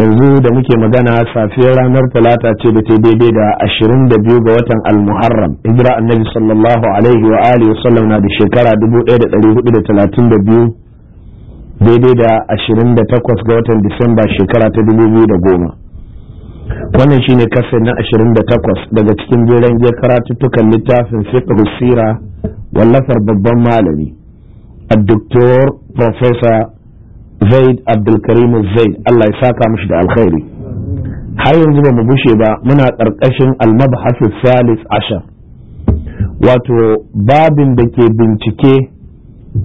yanzu da muke magana safiyar ranar talata ce da ta daidai da ashirin da biyu ga watan almuharram hijira annabi sallallahu alaihi wa alihi wa sallam na da shekara dubu ɗaya da ɗari hudu da talatin da biyu daidai da ashirin da takwas ga watan disamba shekara ta dubu biyu da goma wannan shine kasar na ashirin da takwas daga cikin jeren jiya karatuttukan littafin fiqh sira wallafar babban malami الدكتور بروفيسور zaid abdulkarim zaid allah ya saka mishi da alkhairi har yanzu ba mu bushe ba muna ƙarƙashin almabhasu salis ashar wato babin da ke bincike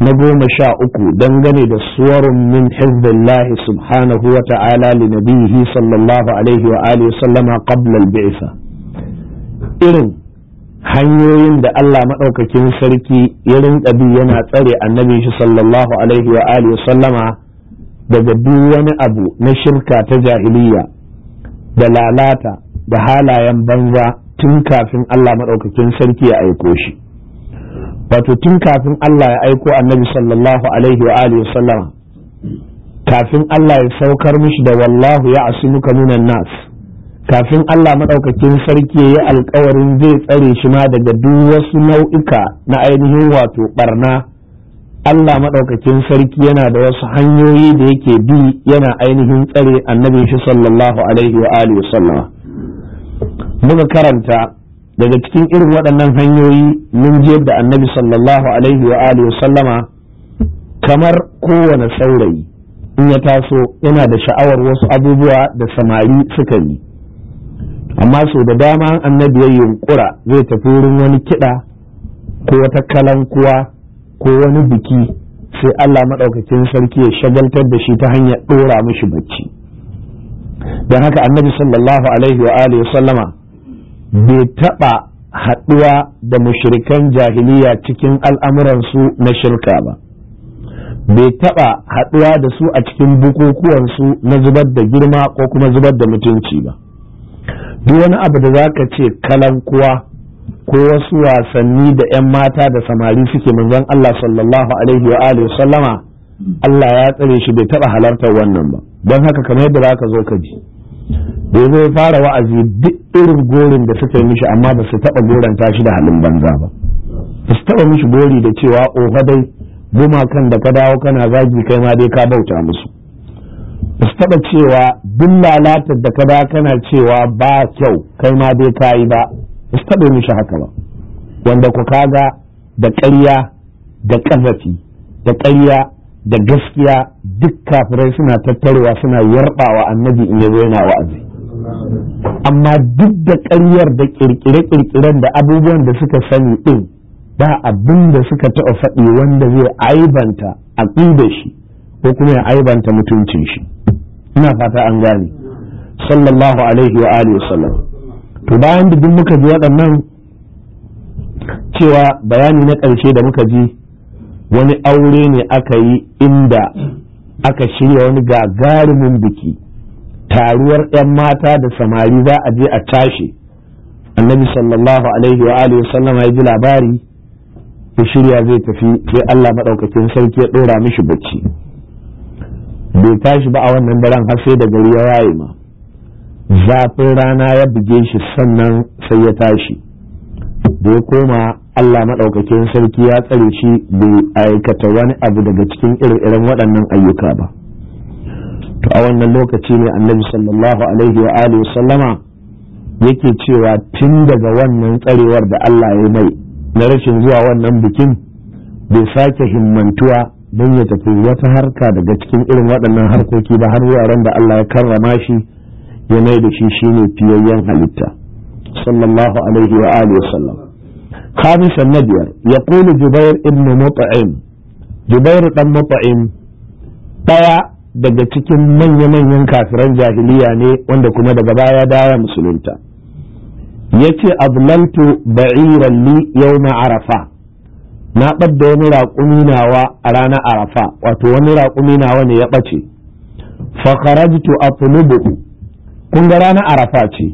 na goma sha uku dangane da suwarun min hizbillahi subhanahu wa ta'ala li nabihi sallallahu alaihi wa alihi sallama qabla al-bi'sa irin hanyoyin da Allah maɗaukakin sarki ya rinka bi yana tsare annabin shi sallallahu alaihi wa alihi sallama daga duk wani abu na shirka ta jahiliya da lalata da halayen banza tun kafin Allah maɗaukakin sarki ya aiko shi wato tun kafin Allah ya aiko annabi sallallahu alaihi wa alihi sallama kafin Allah ya saukar mishi da wallahu ya asimuka minan nas kafin Allah maɗaukakin sarki ya alkawarin zai tsare shi ma daga duk wasu nau'ika na ainihin wato barna Allah maɗaukakin sarki yana da wasu hanyoyi da yake bi yana ainihin tsare annabi shi sallallahu alaihi wa alihi sallama muka karanta daga cikin irin waɗannan hanyoyi mun je da annabi sallallahu alaihi wa alihi wa sallama kamar kowane saurayi in ya taso yana da sha'awar wasu abubuwa da samari suka yi amma sau da dama annabi ya yunkura zai tafi wurin wani kiɗa ko wata kalankuwa ko wani biki sai Allah maɗaukakin sarki ya shagaltar da shi ta hanyar ɗora mishi bacci don haka annabi sallallahu alaihi wa alihi sallama bai taɓa haɗuwa da mushrikan jahiliya cikin al'amuransu na shirka ba bai taɓa haɗuwa da su a cikin bukukuwansu na zubar da girma ko kuma zubar da mutunci ba duk wani abu da za ka ce kalankuwa ko wasu wasanni da 'yan mata da samari suke manzon Allah sallallahu alaihi wa alihi sallama Allah ya tsare shi bai taba halartar wannan ba don haka kamar yadda za ka zo ka ji da zai fara wa'azi duk irin gorin da suka yi mishi amma ba su taba goranta shi da halin banza ba ba su taba mishi gori da cewa oha dai gumakan da ka dawo kana zagi kai ma dai ka bauta musu ba su taba cewa duk lalatar da ka dawo kana cewa ba kyau kai ma dai ka yi ba ba su taɓa mishi haka ba wanda ku kaga da ƙarya da ƙarfafi da ƙarya da gaskiya duk kafirai suna tattarowa suna yarbawa annabi in yazo yana wa'azi amma duk da ƙaryar da ƙirƙire-ƙirƙiren da abubuwan da suka sani ɗin ba abin da suka taɓa faɗi wanda zai aibanta aƙida shi ko kuma ya aibanta mutuncin shi ina fata an gane sallallahu alaihi wa alihi wasallam to bayan da duk muka ji waɗannan cewa bayani na ƙarshe da muka ji wani aure ne aka yi inda aka shirya wani gagarumin biki taruwar 'yan mata da samari za a je a tashi annabi sallallahu alaihi wa alihi sallama ya ji labari ya shirya zai tafi sai Allah maɗaukakin sarki ya ɗora mishi bacci bai tashi ba a wannan daren har sai da gari ya waye ma zafin rana ya buge shi sannan sai ya tashi da ya koma Allah maɗaukakin sarki ya tsare shi bai aikata wani abu daga cikin irin waɗannan ayyuka ba to a wannan lokaci ne annabi sallallahu alaihi wa alihi sallama yake cewa tun daga wannan tsarewar da Allah ya mai na rashin zuwa wannan bikin bai sake himmantuwa don ya tafi wata harka daga cikin irin waɗannan harkoki ba har wuraren da Allah ya karrama shi ya mai da shi ne fiyayyen halitta sallallahu alaihi wa alihi sallam khamisan na biyar yaqulu jubair ibn mut'im jubair dan mut'im ɗaya daga cikin manya-manyan kafiran jahiliya ne wanda kuma daga baya daya musulunta yace azlaltu ba'iran li na arafa na ɓadda wani raƙumi nawa a ranar arafa wato wani raƙumi nawa ne ya ɓace fakarajtu atlubuhu kun ga ranar arafa ce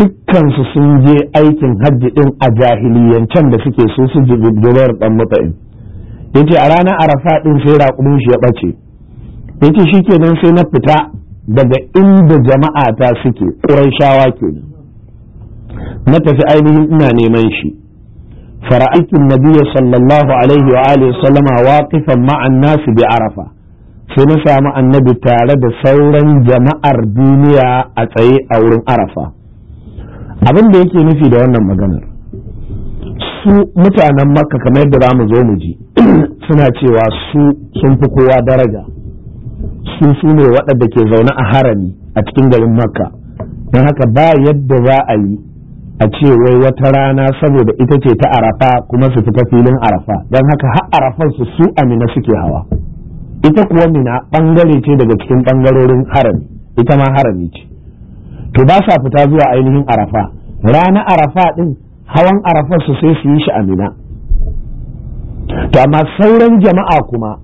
dukkansu sun je aikin hajji din a jahiliyancen da suke so su ji gudunar dan mutain yace a ranar arafa din sai raƙumin shi ya bace yace shikenan sai na fita daga inda jama'a ta suke ƙurayshawa kenan na tafi ainihin ina neman shi fara'aikin nabiyyu sallallahu alaihi wa alihi sallama waqifan ma'an nasi bi arafa sai na samu annabi tare da sauran jama'ar duniya a tsaye a wurin arafa abin da yake nufi da wannan maganar su mutanen makka kamar yadda za mu zo mu ji suna cewa su sun fi kowa daraja su su ne waɗanda ke zaune a harami a cikin garin makka don haka ba yadda za a yi a ce wata rana saboda ita ce ta arafa kuma su fita filin arafa don haka har arafan su su amina suke hawa ita kuwa mina bangare ce daga cikin bangarorin harami ita ma harami ce to ba sa fita zuwa ainihin arafa rana arafa din hawan arafar su sai su yi shi a mina to amma sauran jama'a kuma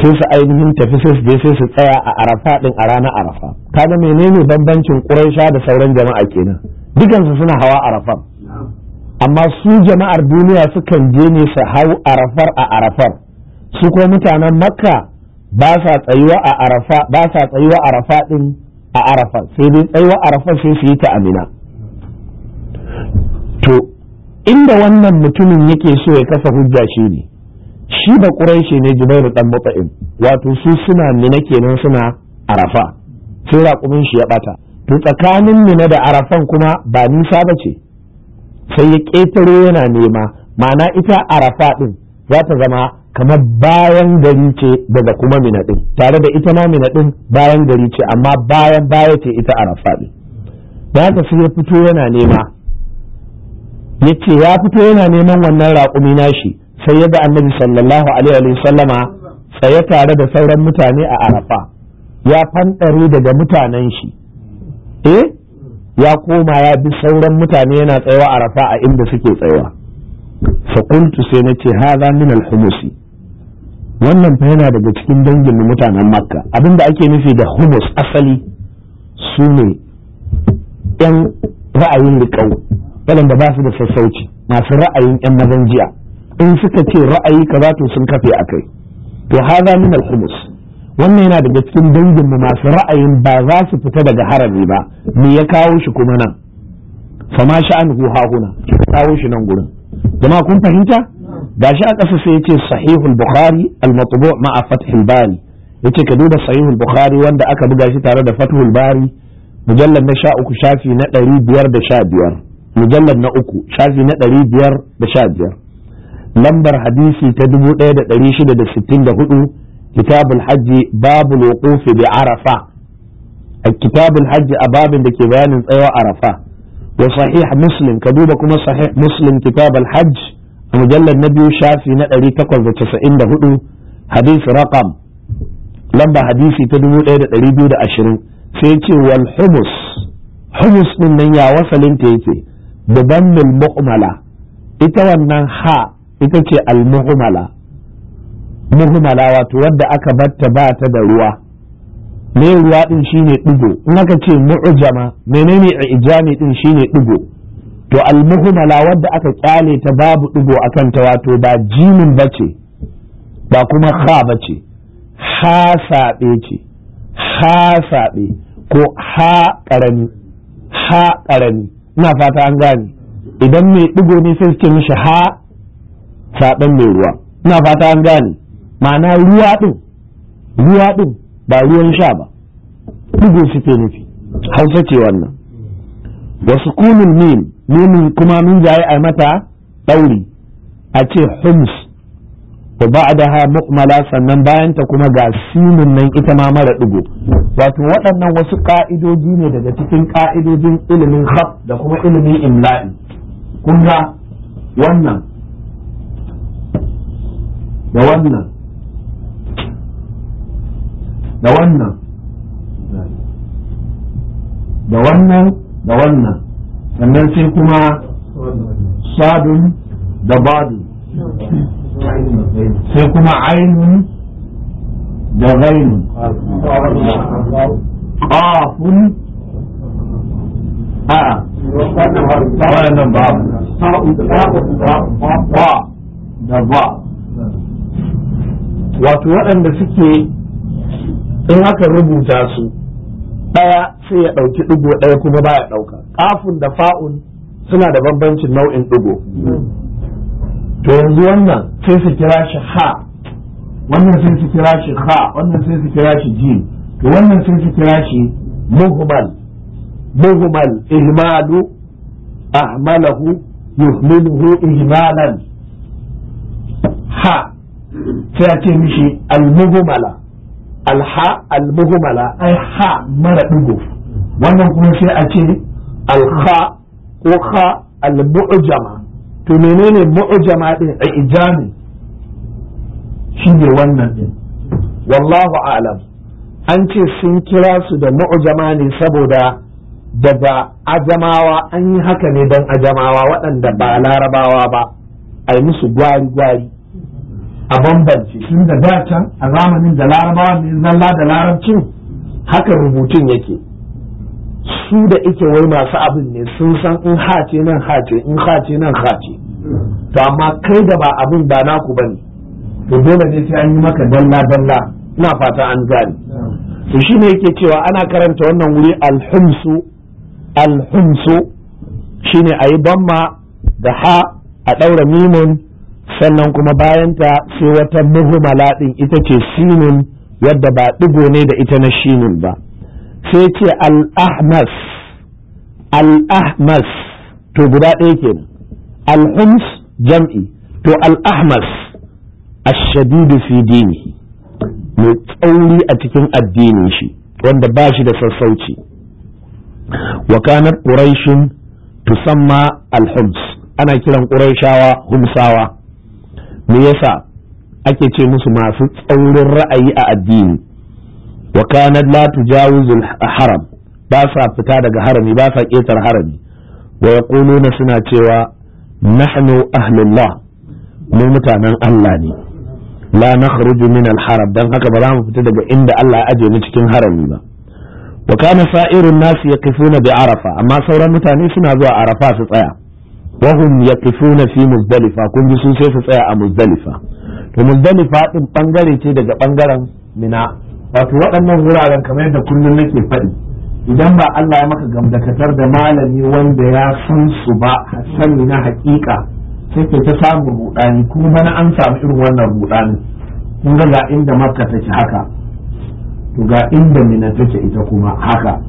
sai su ainihin tafi sai su je sai su tsaya a arafa din a rana arafa kaga menene bambancin quraisha da sauran jama'a kenan dukansu suna hawa arafa amma su jama'ar duniya sukan je ne su hau arafar a arafar su ko mutanen makka ba sa tsayuwa a arafa ba sa tsayuwa arafa din a arafa sai dai tsayuwa arafa sai su yi ta amina to inda wannan mutumin yake so ya kasa hujja shi ne shi ba ƙuraishi ne jubairu dan mutsa'in wato su suna mina kenan suna arafa sai raƙumin shi ya bata to tsakanin mina da arafan kuma ba nisa ba ce sai ya ƙetare yana nema ma'ana ita arafa din za ta zama kamar bayan gari ce daga kuma mina tare da ita ma minaɗin bayan gari ce amma bayan baya ce ita arafa din da haka sai ya fito yana nema ya ce ya fito yana neman wannan raƙumi nashi sai ya ga annabi sallallahu alaihi sallama tsaye tare da sauran mutane a arafa ya fanɗare daga mutanen shi eh ya koma ya bi sauran mutane yana tsayawa arafa a inda suke tsayawa sakuntu sai na ce haza min al-humusi wannan fa yana daga cikin dangin mutanen makka abinda ake nufi da humus asali su ne yan ra'ayin liƙau waɗanda ba su da sassauci masu ra'ayin yan mazan jiya in suka ce ra'ayi kaza to sun kafe a kai to haza min al humus wannan yana daga cikin dangin mu masu ra'ayin ba za su fita daga harami ba me ya kawo shi kuma nan fama sha'an ha huna kawo shi nan gurin jama'a kun fahimta gashi a ƙasa sai yace sahihul bukhari al-matbu' ma'a fathul bari yace ka duba sahihul bukhari wanda aka buga shi tare da fathul bari mujallad na 13 shafi na 515 mujallad na uku shafi na 515 lambar hadisi ta 1664 kitabul hajji babul wuquf bi arafa كتاب الحج أباب دك بيان أيوة عرفة وصحيح مسلم كدوبة كما صحيح مسلم كتاب الحج a mujallar na biyu shafi na hudu hadis raqam lamba hadisi ta dubu ɗaya da da ashirin sai ce wal humus humus din nan ya wasalin ta yake da mil mu'mala ita wannan ha ita ce al mu'mala muhmala wato wadda aka batta ba ta da ruwa me ruwa din shine digo in aka ce mu'jama menene ijami din shine digo to almuhmala wadda aka kyale ta babu ɗigo akan ta wato ba jimin bace ba kuma kha bace ha sabe ce ha sabe ko ha ƙarami ha ƙarami ina fata an gane idan mai ɗigo ne sai suke mishi ha saben mai ruwa ina fata an gane ma'ana ruwa din ruwa din ba ruwan sha ba digo suke nufi hausa ce wannan wasu kunul mim mun kuma min jaye a mata ɗauri a ce hums to ba'daha mu'mala sannan bayan ta kuma ga sinin nan ita ma mara digo wato waɗannan wasu ka'idoji ne daga cikin ka'idojin ilimin khaf da kuma ilimin imla'i kun ga wannan da wannan da wannan da wannan da wannan sannan sai kuma sadun da badu sai kuma ainun da gainu ƙafun a ba da ba wato waɗanda suke in aka rubuta su ɗaya sai ya ɗauki ɗigo ɗaya kuma baya ɗauka kafun da fa'un suna da bambancin nau'in ɗigo to yanzu wannan sai su kira shi ha wannan sai su kira shi ha wannan sai su kira shi jim to wannan sai su kira shi muhmal muhmal ihmalu ahmalahu yuhmiluhu ihmalan ha sai a ce mishi al-muhmala alha almuhmala alha mara ɗigo. wannan kuma sai a ce alha ko ha almu'jama to menene mu'jama din a ijami ne wannan din wallahu a'lam an ce sun kira su da mu'jama ne saboda daga ajamawa an yi haka ne don ajamawa waɗanda ba larabawa ba a yi musu gwari-gwari a bambance tun da da can a zamanin da larabawa ne zalla da larabcin haka rubutun yake su da ike wai masu abin ne sun san in hace nan hace in hace nan hace to amma kai da ba abin ba naku bane to dole ne sai an yi maka dalla dalla ina fata an gane to shine yake cewa ana karanta wannan wuri alhumsu alhumsu shine ayi bamma da ha a daura mimun sannan kuma bayanta sai wata muhu ɗin ita ce sinin wadda ba ɗigo ne da ita na shinin ba sai ce al-ahmas al-ahmas to guda ɗaya kenan al-hums jam'i to al-ahmas ash-shadidu fi dini mai tsauri a cikin addinin shi wanda ba shi da sassauci wa ƙuraishin quraishun tusamma al-hums ana kiran quraishawa humsawa me yasa ake ce musu masu tsaurin ra'ayi a addini wa kanat la tujawizul haram ba sa fita daga harami ba sa ƙetar harami wa yaquluna suna cewa nahnu ahlullah mu mutanen Allah ne la nakhruju min al-haram dan haka ba za mu fita daga inda Allah ya aje mu cikin harami ba wa kana sa'irun nas yaqifuna bi arafa amma sauran mutane suna zuwa arafa su tsaya wahum yaqifuna fi muzdalifa kun ji sun sai su tsaya a muzdalifa to muzdalifa ɗin bangare ce daga ɓangaren mina wato waɗannan wuraren kamar yadda kullum nake faɗi idan ba Allah ya maka gamdakatar da malami wanda ya san su ba sani na haƙiƙa sai ke ta samun rudani kuma na an samu irin wannan rudani kun ga inda makka ta ci haka to ga inda mina take ita kuma haka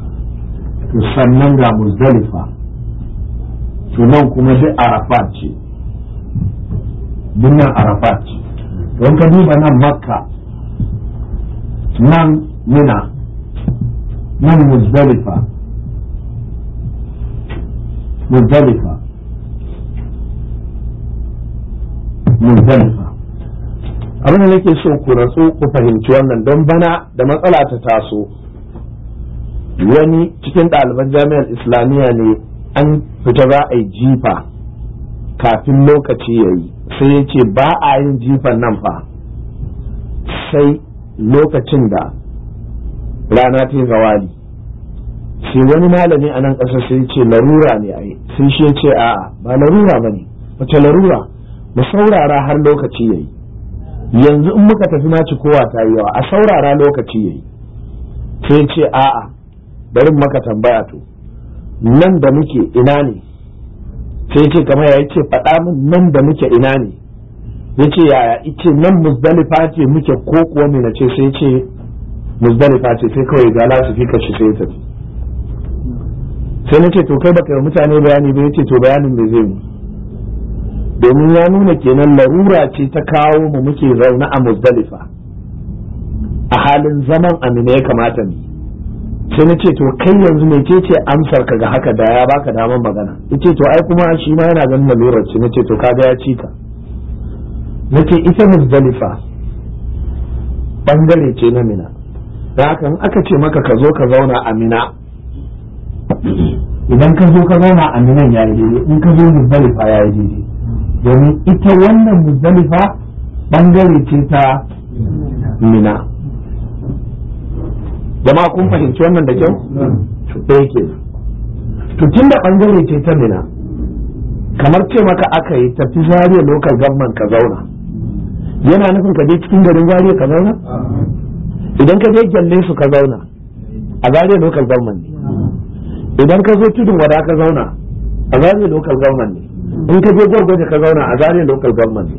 to sannan ga muzdalifa to nan kuma duk arafat ce duk nan arafat ce don ka duba nan makka nan mina nan muzdalifa muzdalifa muzdalifa abin da nake so ku ratsu ku fahimci wannan don bana da matsala ta taso wani cikin ɗaliban jami'ar islamiyya ne an fita za a yi jifa kafin lokaci ya yi sai ya ce ba a yin jifan nan fa sai lokacin da rana ta yi zawali sai wani malami a nan ƙasa sai ce larura ne a yi sai shi ya ce a ba larura ba ne wace larura mu saurara har lokaci ya yi yanzu in muka tafi naci kowa ta yi yawa a saurara lokaci ya yi sai ce a'a bari maka tambaya to nan da muke ina ne sai ce kamar ya ce faɗa min nan da muke ina ne ya ce yaya ce nan muzdalifa ce muke ko kuwa mina ce sai ce muzdalifa ce sai kawai ga lasu fi kashi sai tafi sai na ce to kai baka yi mutane bayani ba ya ce to bayanin da zai mu domin ya nuna kenan larura ce ta kawo mu muke zaune a muzdalifa a halin zaman amina ya kamata mu sai na ce to kai yanzu ne ce ce amsar ka ga haka da ya baka damar magana ce to ai kuma shi ma yana ganin lalurar ce ce to kaga ya ci ta ce ita muzdalifa bangare ce na mina da haka in aka ce maka ka zo ka zauna a mina idan ka zo ka zauna a minan ya yi daidai in ka zo muzdalifa ya yi daidai domin ita wannan muzdalifa bangare ce ta mina jama'a kun fahimci wannan da kyau to ɗaya ke to tun da ɓangare ce ta mina kamar ce maka aka yi tafi zariya lokal gamman ka zauna yana nufin ka je cikin garin zariya ka zauna idan ka je gyalle su ka zauna a zariya lokal gamman ne idan ka zo tudun wada ka zauna a zariya lokal gamman ne in ka je gwargwaje ka zauna a zariya lokal gamman ne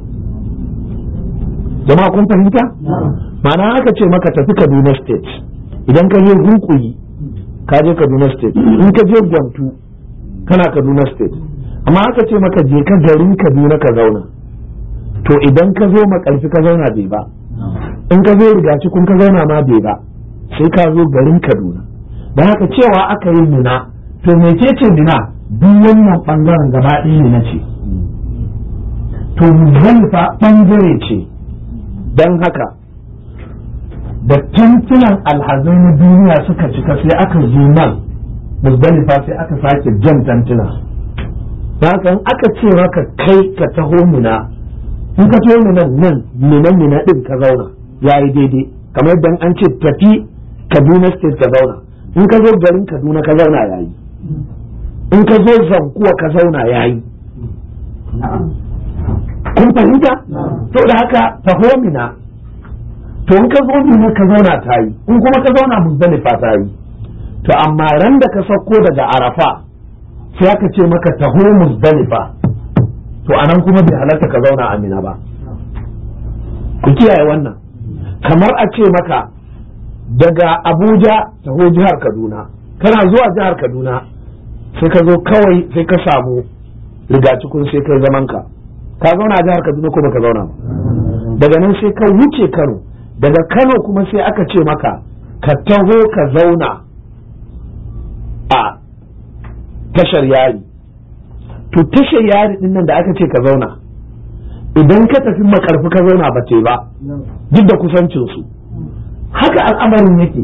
jama'a kun fahimta ma'ana haka ce maka tafi kaduna state idan ka je hunkuri ka je kaduna state in ka je gwantu kana kaduna state amma aka ce maka je ka garin kaduna ka zauna to idan ka zo makarfi ka zauna bai ba in ka zo rigaci kun ka zauna ma bai ba sai ka zo garin kaduna da haka cewa aka yi nuna to mecece nuna duk wannan bangaren gaba ɗaya na ce to muzalifa bangare ce don haka da tantunan alhazai na duniya suka cika sai aka zo nan musdalifa sai aka sake jan tantuna kan aka ce maka kai ka taho mina in ka taho munan nan munan muna din ka zauna yayi daidai kamar dan an ce tafi Kaduna state ka zauna in ka zo garin Kaduna ka zauna yayi in ka zo zankuwa ka zauna yayi kun fahimta to da haka taho mina to in ka zo ne ka zauna ta yi in kuma ka zauna muzdalifa ta yi to amma ran da ka sauko daga arafa sai aka ce maka taho muzdalifa to anan kuma bai halarta ka zauna a amina ba ku kiyaye wannan kamar a ce maka daga abuja taho jihar kaduna kana zuwa jihar kaduna sai ka zo kawai sai ka samu rigacikun sai kai zamanka ka zauna a jihar kaduna ko baka zauna ba daga nan sai ka wuce kano daga kano kuma sai aka ce maka ka taho ka zauna a tashar yari to tashar yari din nan da aka ce ka zauna idan ka tafi makarfi ka zauna ba ce ba duk da kusancinsu haka al'amarin yake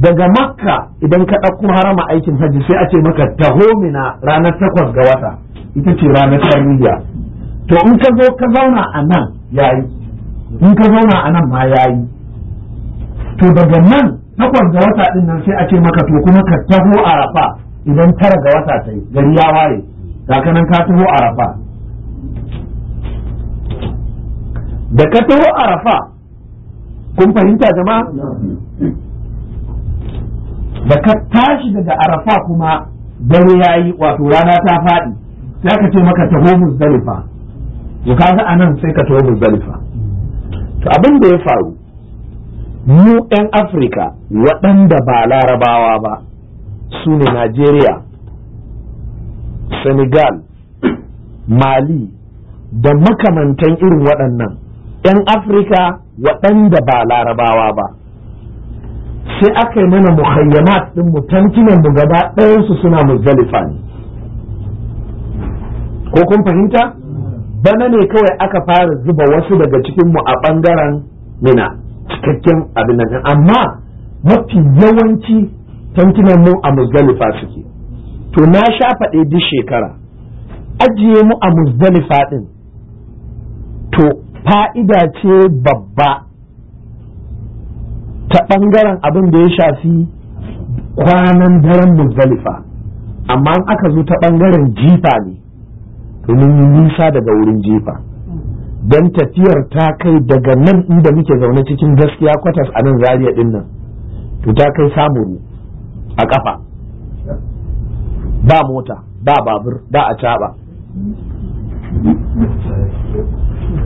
daga makka idan ka ɗauko harama aikin hajji sai a ce maka taho mina ranar takwas ga wata ita ce ranar tarbiyya to in ka zo ka zauna a nan yayi in ka zauna a nan ma ya yi to daga nan takwas ga wata ɗin nan sai a ce maka to kuma ka taho arafa idan tara ga wata ta yi gari ya waye ka nan ka taho arafa da ka taho rafa kun fahimta zama da ka tashi daga arafa kuma dare ya yi wato rana ta faɗi sai ka ce maka taho muzdalifa ka ga anan sai ka taho muzdalifa to abin da ya faru mu 'yan afirka waɗanda ba larabawa ba su ne najeriya senegal mali da makamantan irin waɗannan 'yan afirka waɗanda ba larabawa ba sai aka yi mana muhayyamat ɗin mu tankinan mu gaba ɗayansu suna mu ne ko kun fahimta bana ne kawai aka fara zuba wasu daga cikin mu a ɓangaren mina cikakken abin nan amma mafi yawanci tankinan mu a muzdalifa suke to na sha faɗe duk shekara ajiye mu a muzdalifa ɗin to fa'ida ce babba ta ɓangaren abin da ya shafi kwanan daren muzdalifa amma aka zo ta ɓangaren jifa ne to mun yi nisa daga wurin jefa don tafiyar ta kai daga nan inda muke zaune cikin gaskiya kwatas a nan zariya din nan to ta kai samuru a kafa ba mota ba babur ba a caba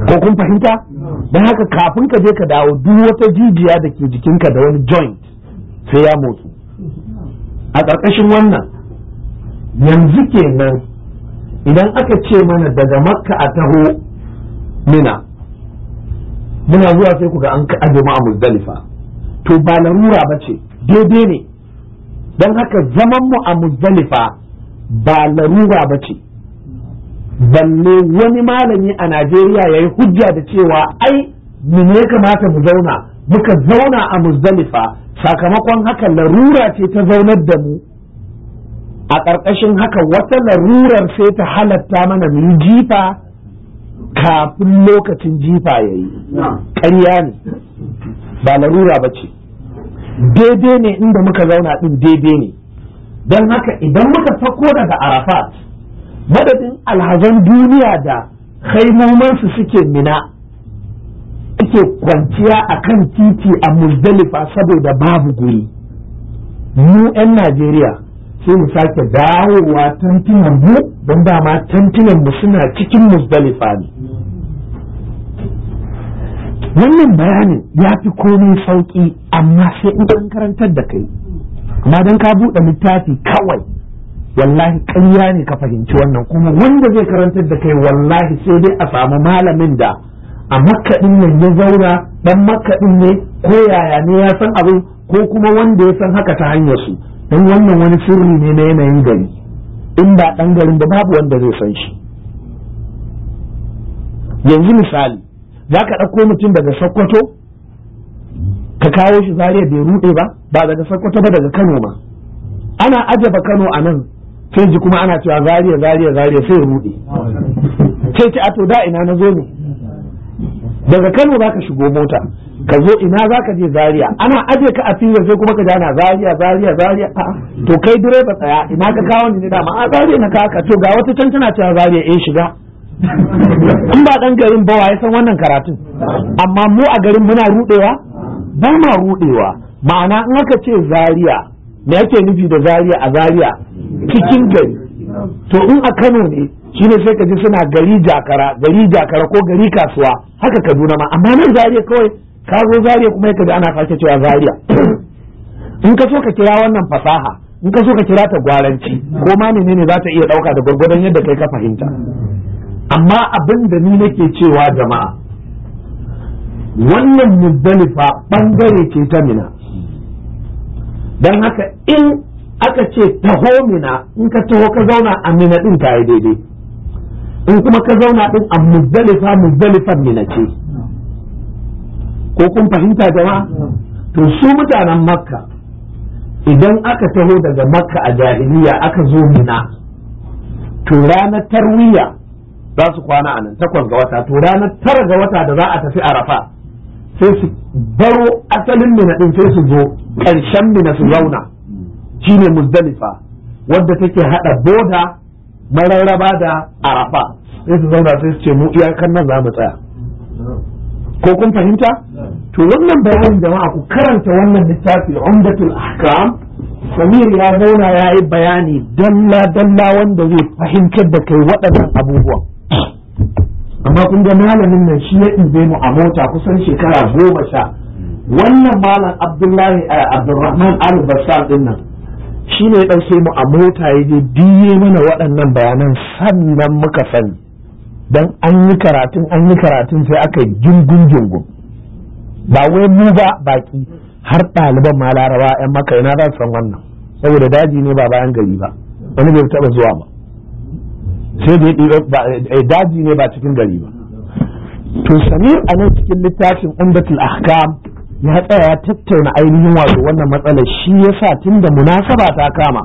ko kun fahimta don haka kafin ka je ka dawo duk wata jijiya da ke jikinka da wani joint sai ya motsu a ƙarƙashin wannan yanzu kenan idan aka ce mana daga makka a taho mina muna zuwa sai kuga an aje mu a muzdalifa to ba larura ba ce daidai ne don haka zaman mu a muzdalifa ba larura ba ce balle wani malami a najeriya ya yi hujja da cewa ai mu ne kamata mu zauna muka zauna a muzdalifa sakamakon haka larura ce ta zaunar da mu a ƙarƙashin haka wata larurar sai ta halatta mana mu jifa kafin lokacin jifa ya yi ƙarya ne ba larura ba ce daidai ne inda muka zauna ɗin daidai ne don haka idan muka sako daga arafat madadin alhazan duniya da haimomansu suke mina suke kwanciya a kan titi a muzdalifa saboda babu guri mu 'yan najeriya sai mu sake dawowa tantunan mu don dama tantunan mu suna cikin musdalifa ne wannan bayanin ya fi komai sauki amma sai in an karantar da kai amma don ka buɗe littafi kawai wallahi ƙarya ne ka fahimci wannan kuma wanda zai karantar da kai wallahi sai dai a samu malamin da a makaɗin nan ya zauna ɗan makaɗin ne ko yaya ne ya san abin ko kuma wanda ya san haka ta hanyar su don wannan wani sirri ne na yanayin gari in ba ɗan garin ba babu wanda zai san shi yanzu misali za ka ɗauko mutum daga sokoto ka kawo shi zariya bai ruɗe ba ba daga sokoto ba daga kano ma ana ajaba kano a nan sai ji kuma ana cewa zariya zariya zariya sai ruɗe ce ce a da ina na zo ne daga Kano za ka shigo mota ka zo ina za ka je Zaria ana aje ka a fira sai kuma ka jana Zaria Zaria Zaria to kai direba tsaya ina ka kawo ni da ma a Zaria na kaka to ga wata can tana cewa Zaria eh shiga in ba dan garin bawa ya san wannan karatun amma mu a garin muna rudewa ba ma rudewa ma'ana in aka ce Zaria me yake nufi da Zaria a Zaria cikin gari to in a Kano ne Shi ne sai ka ji suna gari jakara gari jakara ko gari kasuwa haka kaduna ma amma nan zariya kawai ka zo zariya kuma yake da ana sake cewa zariya in ka so ka kira wannan fasaha in ka so ka kira ta gwaranci ko ma menene za ta iya dauka da gwargwadon yadda kai ka fahimta amma abin da ni nake cewa jama'a wannan muzdalifa bangare ce ta mina Dan haka in aka ce taho mina in ka taho ka zauna a mina din ta yi daidai in kuma ka zauna din a muzdalifa muzdalifan ne ce ko kun fahimta jama'a to su mutanen makka idan aka taho daga makka a jahiliya aka zo mina to ranar tarwiya za su kwana a nan takwas ga wata to ranar tara ga wata da za a tafi arafa sai su baro asalin mina din sai su zo ƙarshen mina su zauna shine muzdalifa wadda take hada boda mararraba da arafa sai su zauna sai su ce mu iyakan nan za mu tsaya ko kun fahimta to wannan bayanin jama'a ku karanta wannan littafin umdatul ahkam samir ya zauna ya yi bayani dalla dalla wanda zai fahimtar da kai waɗannan abubuwa amma kun ga malamin nan shi ya ɗibe mu a mota kusan shekara goma sha wannan malam abdullahi a eh, abdurrahman al basar din nan shi ne ya ɗauke mu a mota ya je diye mana waɗannan bayanan sannan muka sani dan an yi karatun an yi karatun sai aka jingun jingun ba wai mu ba baki har ɗaliban ma laraba yan maka ina za su san wannan saboda daji ne ba bayan gari ba wani bai taɓa zuwa ba sai da eh, daji ne ba cikin gari ba to samir a nan cikin littafin umdatul ahkam ya tsaya ya tattauna ainihin wato wannan matsalar shi yasa tunda munasaba ta kama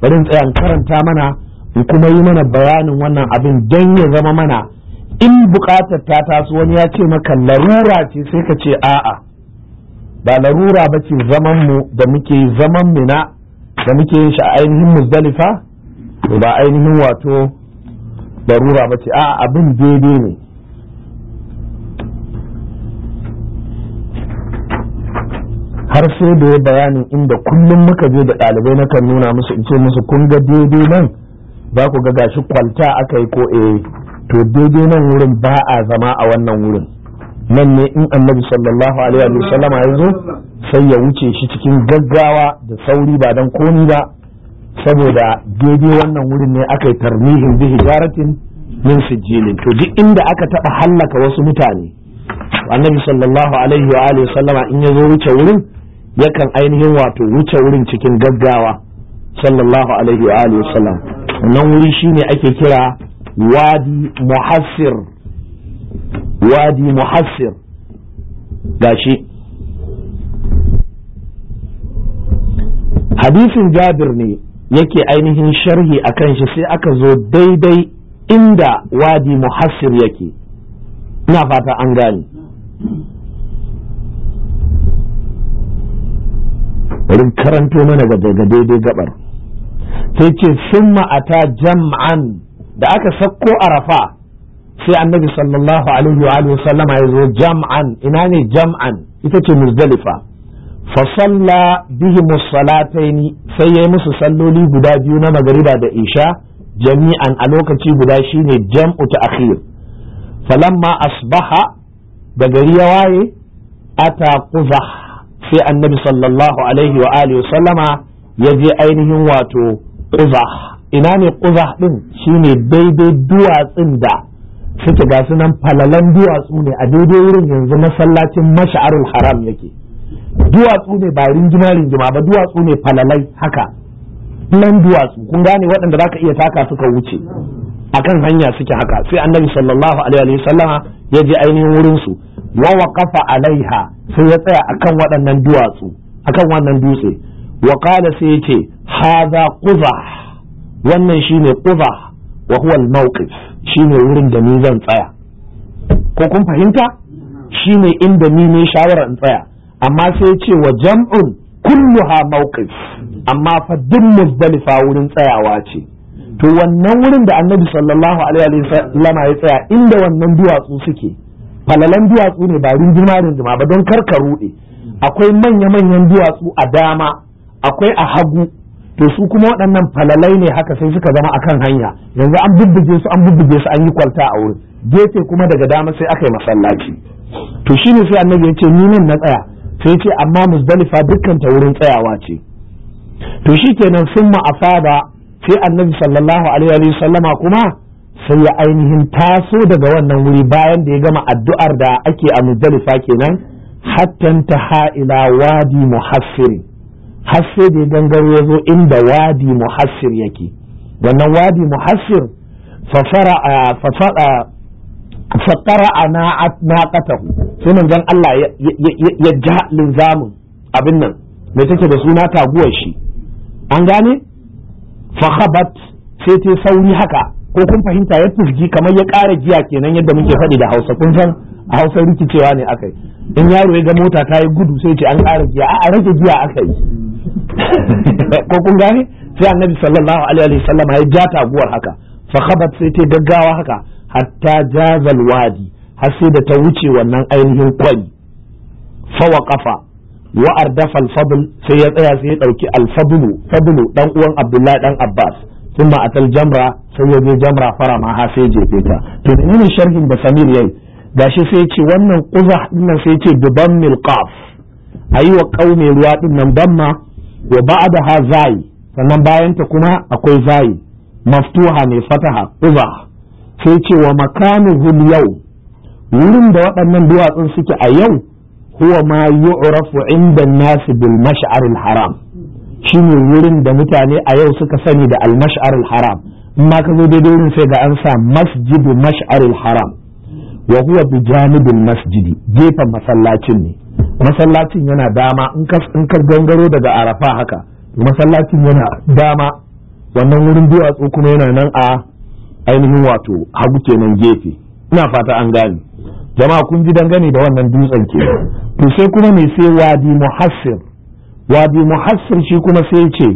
bari in tsaya karanta mana ya kuma yi mana bayanin wannan abin don ya zama mana in bukatar ta taso wani ya ce maka larura ce sai ka ce a'a ba larura ba ce zaman da muke zaman mina da muke yin shi a ainihin muzdalifa to ba ainihin wato larura ba ce a'a abin daidai ne har sai da ya bayanin inda kullum muka je da ɗalibai na kan nuna musu in ce musu kun ga daidai nan za ku ga gashi kwalta aka yi ko eh to daidai nan wurin ba a zama a wannan wurin nan ne in annabi sallallahu alaihi wa sallama ya zo sai ya wuce shi cikin gaggawa da sauri ba dan komi ba saboda daidai wannan wurin ne aka yi tarmihin bi hijaratin min sijilin to duk inda aka taba hallaka wasu mutane annabi sallallahu alaihi wa alihi sallama in ya zo wuce wurin yakan ainihin wato wuce wurin cikin gaggawa sallallahu alaihi wa sallam Nan wuri shine ake kira wadi muhassir wadi muhassir gashi hadisin jabir ne yake ainihin sharhi a kan shi sai aka zo daidai inda wadi muhassir yake ina fata an gane karanto mana daga daidai gabar sai ce sun ma'ata jam'an da aka sakko arafa sai annabi sallallahu alaihi wa sallama ya zo jam'an ina ne jam'an ita ce muzdalifa fasalla bihi musalataini sai yayi musu salloli guda biyu na magariba da isha jami'an a lokaci guda shine jam'u ta akhir falamma asbaha da gari ya waye ata quzah sai annabi sallallahu alaihi wa alihi sallama ya je ainihin wato ƙuza ina ne ƙuza ɗin shi ne daidai duwatsun da suke ga nan falalan duwatsu ne a daidai wurin yanzu masallacin mash'arul haram yake duwatsu ne ba rinjima-rinjima ba duwatsu ne falalai haka nan duwatsu kun gane waɗanda za ka iya taka suka wuce akan hanya suke haka sai annabi sallallahu alaihi wa sallama ya je ainihin wurin su wa waqafa alaiha sai ya tsaya akan waɗannan duwatsu akan wannan dutse wa qala sai yace hadha quba wannan shine quba wa huwa al-mawqif shine wurin da ni zan tsaya ko kun fahimta shine inda ni ne shawara in tsaya amma sai ce wa jam'un kulluha mawqif amma fa duk muzdalifa wurin tsayawa ce to wannan wurin da annabi sallallahu alaihi wa ya tsaya inda wannan duwatsu suke falalan duwatsu ne ba rinjima rinjima ba don karka rude akwai manya manyan duwatsu a dama akwai a hagu to su kuma waɗannan falalai ne haka sai suka zama akan hanya yanzu an bubbuge su an bubbuge su an yi kwalta a wurin gefe kuma daga dama sai aka yi masallaci to shine sai annabi ya ce ni nan na tsaya sai ce amma musdalifa dukkan ta wurin tsayawa ce to shikenan sun afada sai annabi sallallahu alaihi wa sallama kuma sai ya ainihin taso daga wannan wuri bayan da ya gama addu'ar da ake a musdalifa kenan hatta ta ila wadi muhassiri har sai da gangaro ya zo inda wadi muhassir yake wannan wadi muhassir faƙara a naƙatahu sai gan Allah ya ja linzamin abin nan mai take da suna taguwar shi an gane fahabat sai ta sauri haka ko kun fahimta ya fusgi kamar ya ƙara giya kenan yadda muke faɗi da hausa kun san a hausa rikicewa ne akai in yaro ya ga mota ta yi gudu sai ce an ƙara giya a rage giya akai ko kun gane sai annabi sallallahu alaihi wa sallam ya ja taguwar haka fa khabat sai ta gaggawa haka hatta jazal wadi har sai da ta wuce wannan ainihin kwai fa waqafa wa ardafa al-fadl sai ya tsaya sai ya dauki al-fadlu fadlu dan uwan abdullahi dan abbas thumma atal jamra sai ya je jamra fara ma ha sai je ta to ne sharhin da samir yayi gashi sai ya ce wannan quzah dinnan sai ya ce bi dammil qaf ayi wa qaumi ruwa dinnan damma wa ba'da ha zai sannan bayan ta kuma akwai zai maftuha ne fataha uba sai ce wa makanuhum yau wurin da waɗannan duwatsun suke a yau huwa ma yu'rafu inda nasi bil mash'ar al haram shine wurin da mutane a yau suka sani da al mash'ar al haram amma ka zo daidai wurin sai ga an sa masjidu mash'ar al haram wa huwa bi janibil masjidi gefen masallacin ne masallacin yana dama in ka gangaro daga arafa haka masallacin yana dama wannan wurin duwatsu kuma yana nan a ainihin wato hagu kenan gefe ina fata an gane jama'a kun ji dangane da wannan dutsen ke to sai kuma mai sai wadi muhassir wadi muhassir shi kuma sai ce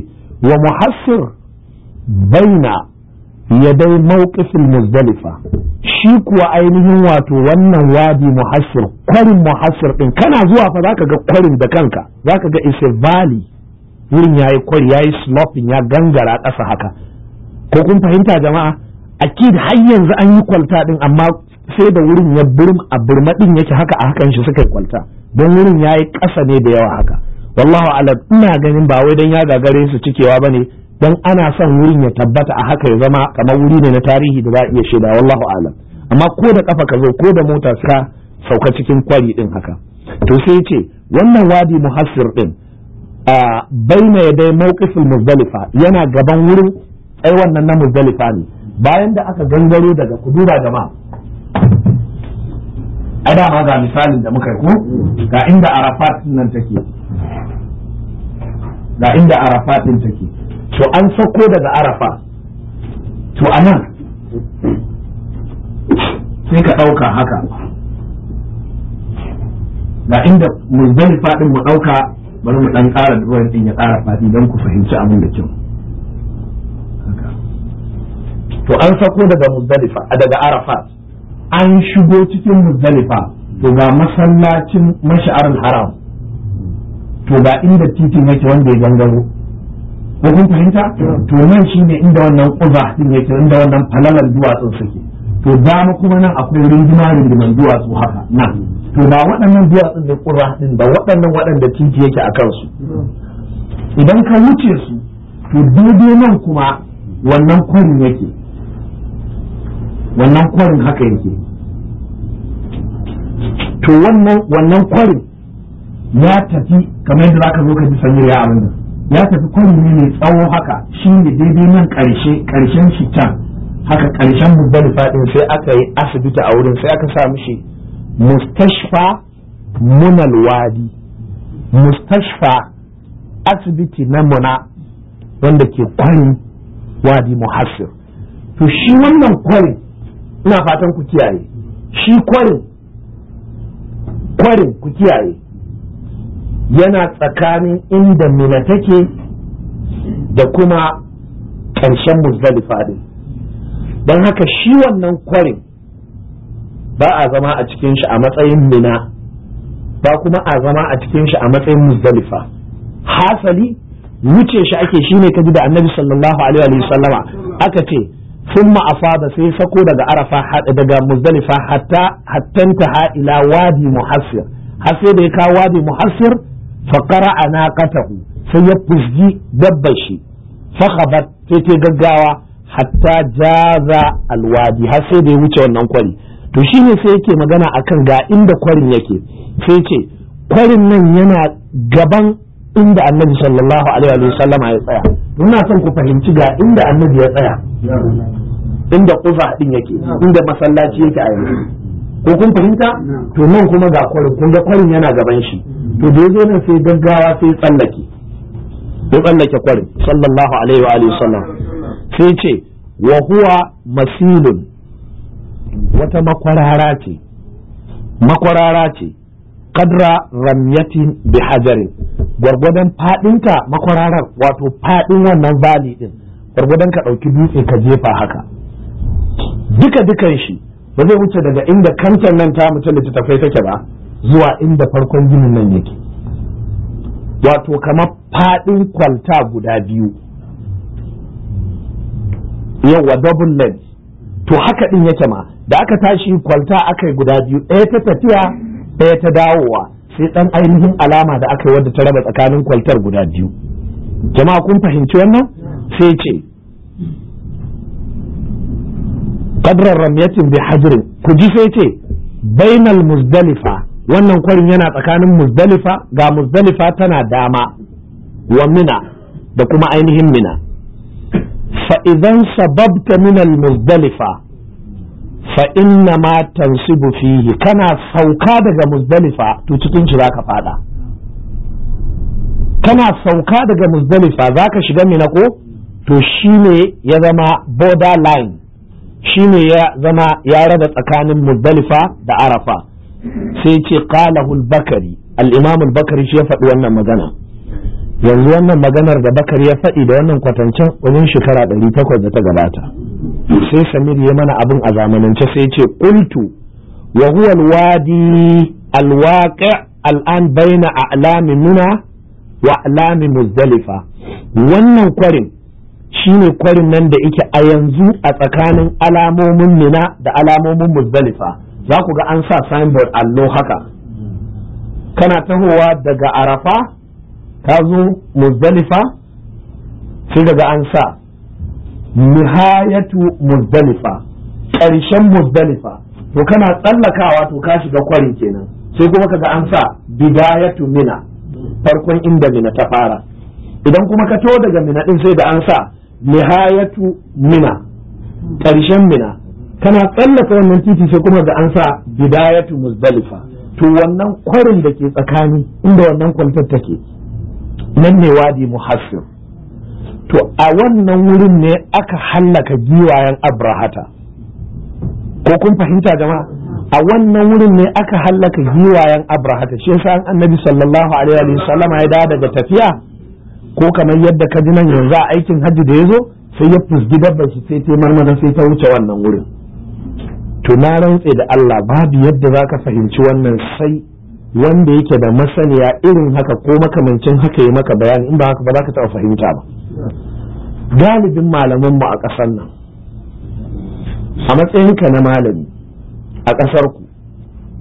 wa muhassir baina yadai mawqifil muzdalifa shi kuwa ainihin wato wannan wadi muhassir kwarin muhassir din kana zuwa fa zaka ga kwarin da kanka zaka ga isa bali wurin yayi kwari yayi sloping ya gangara ƙasa haka ko kun fahimta jama'a akid har yanzu an yi kwalta din amma sai da wurin ya burm a burma din yake haka a hakan shi suka yi kwalta don wurin yayi ƙasa ne da yawa haka wallahu alam ina ganin ba wai dan ya gagare su cikewa bane don ana son wurin ya tabbata a haka ya zama kamar wuri ne na tarihi da za a iya shaida wallahu alam amma ko da kafa ka zo ko da mota ka sauka cikin kwari din haka to sai ce wannan wadi muhassir din a baina ya dai mawqifil muzdalifa yana gaban wurin ai wannan na muzdalifa ne bayan da aka gangaro daga kudura jama'a a ma ga misalin da muka ko ga inda arafat nan take ga inda arafat take to an sako daga arafa to a nan sai ka ɗauka haka na inda muzdalifa faɗin mu ɗauka bari mu ɗan ƙara duwan ɗin ya ƙara faɗi don ku fahimci abin da kyau to an sako daga muzdalifa daga arafa an shigo cikin muzdalifa to ga masallacin mashi'arar haram to ga inda titin yake wanda ya gangaro ko kun fahimta to nan shi ne inda wannan kuza ne ke inda wannan falalar duwatsun suke to mu kuma nan akwai rindima rindiman duwatsu haka nan to ba waɗannan duwatsun da kuza din ba waɗannan waɗanda titi yake a kansu idan ka wuce su to daidai nan kuma wannan kwarin yake wannan kwarin haka yake to wannan kwarin ya tafi kamar yadda zaka zo ka ji sanyar ya abin nan ya tafi kwari ne mai tsawo haka shi ne daidai nan ƙarshe ƙarshen shi can haka ƙarshen babban faɗin sai aka yi asibiti a wurin sai aka sa mishi mustashfa munal wadi mustashfa asibiti na muna wanda ke kwari wadi muhassir to shi wannan kwarin ina fatan ku kiyaye shi kwarin kwarin ku kiyaye yana tsakanin inda mina take da kuma ƙarshen muzdalifa ne. don haka shi wannan kwarin ba a zama a cikin shi a matsayin mina ba kuma a zama a cikin shi a matsayin muzdalifa hasali wuce shi ake shi shine kaji da annabi sallallahu alaihi wa sallama aka ce sun afada sai sako daga arafa daga muzdalifa hatta hattanta ha ila wadi muhassir har sai da ya kawo wadi muhassir faƙara a naƙatahu sai ya fusgi dabbar shi fakabat sai ta gaggawa hatta jaza alwadi har sai da ya wuce wannan kwari to shi ne sai yake magana akan ga inda kwarin yake sai ce kwarin nan yana gaban inda annabi sallallahu alaihi wa sallam ya tsaya ina son ku fahimci ga inda annabi ya tsaya inda kufa din yake inda masallaci yake a yanzu ko kun fahimta to nan kuma ga kwarin kun ga kwarin yana gaban shi mm. to da yazo nan sai gaggawa sai tsallake ya tsallake kwarin sallallahu alaihi wa alihi sallam sai ce wa huwa masilun wata makwarara ce makwarara ce kadra ramyatin bi hajarin gwargwadon fadinta makwararar wato fadin wannan zali din gwargwadon ka dauki dutse ka jefa haka duka dukan shi ba zai wuce daga inda kantar nan ta mutum da ta littattafai take ba zuwa inda farkon ginin nan yake wato kamar faɗin kwalta guda biyu yawa double leg to haka ɗin yake ma da aka tashi kwalta aka yi guda biyu ɗaya ta tafiya ɗaya ta dawowa sai ɗan ainihin alama da aka yi wadda ta raba tsakanin kwaltar guda biyu jama'a kun fahimci wannan sai ce qadrar ramyatin bi hajrin ku ji sai ce bainal muzdalifa wannan kwarin yana tsakanin muzdalifa ga muzdalifa tana dama wa mina da kuma ainihin mina fa sababta minal muzdalifa fa ma tansibu fihi kana sauka daga muzdalifa to cikin shi zaka fada kana sauka daga muzdalifa zaka shiga mina ko to ne ya zama borderline. Shi ne ya zama ya raba tsakanin muzdalifa da arafa sai ce qalahu bakari al-imam bakari shi ya faɗi wannan magana yanzu wannan maganar da Bakari ya faɗi da wannan kwatancen wajen shekara ɗari takwas da ta gabata sai samir ya mana abin a zamanance sai ce qultu wa huwa al-wadi al-waqi' al'an baina a'lami muna wa a'lami muzdalifa wannan kwarin Shi ne kwarin nan da yake a yanzu a tsakanin alamomin mina da alamomin muzdalifa za ku ga an sa signboard allo haka kana tahowa daga arafa ta zo muzdalifa sai daga an sa nihayatu muzdalifa ƙarshen muzdalifa to kana tsallakawa to ka shiga kwarin kenan sai kuma kaga an sa bidayatu mina farkon inda mina ta fara idan kuma ka to daga mina ɗin sai da an sa nihayatu mina ƙarshen mina kana tsallaka wannan titi sai kuma ga an sa bidayatu muzdalifa to wannan kwarin da ke tsakani inda wannan kwantar take nan ne wadi muhassir to a wannan wurin ne aka hallaka giwayen abrahata ko kun fahimta jama'a a wannan wurin ne aka hallaka giwayen abrahata shi yasa annabi sallallahu alaihi wa sallama ya da, daga tafiya ko kamar yadda ka ji nan yanzu a aikin hajji da ya zo sai ya fusgi dabbar shi sai ta marmara sai ta wuce wannan wurin to na rantse da Allah babu yadda za ka fahimci wannan sai wanda yake da masaniya irin haka ko makamancin haka ya maka bayani in ba haka ba za ka taɓa fahimta ba galibin mu a ƙasar nan a matsayinka na malami a ƙasar ku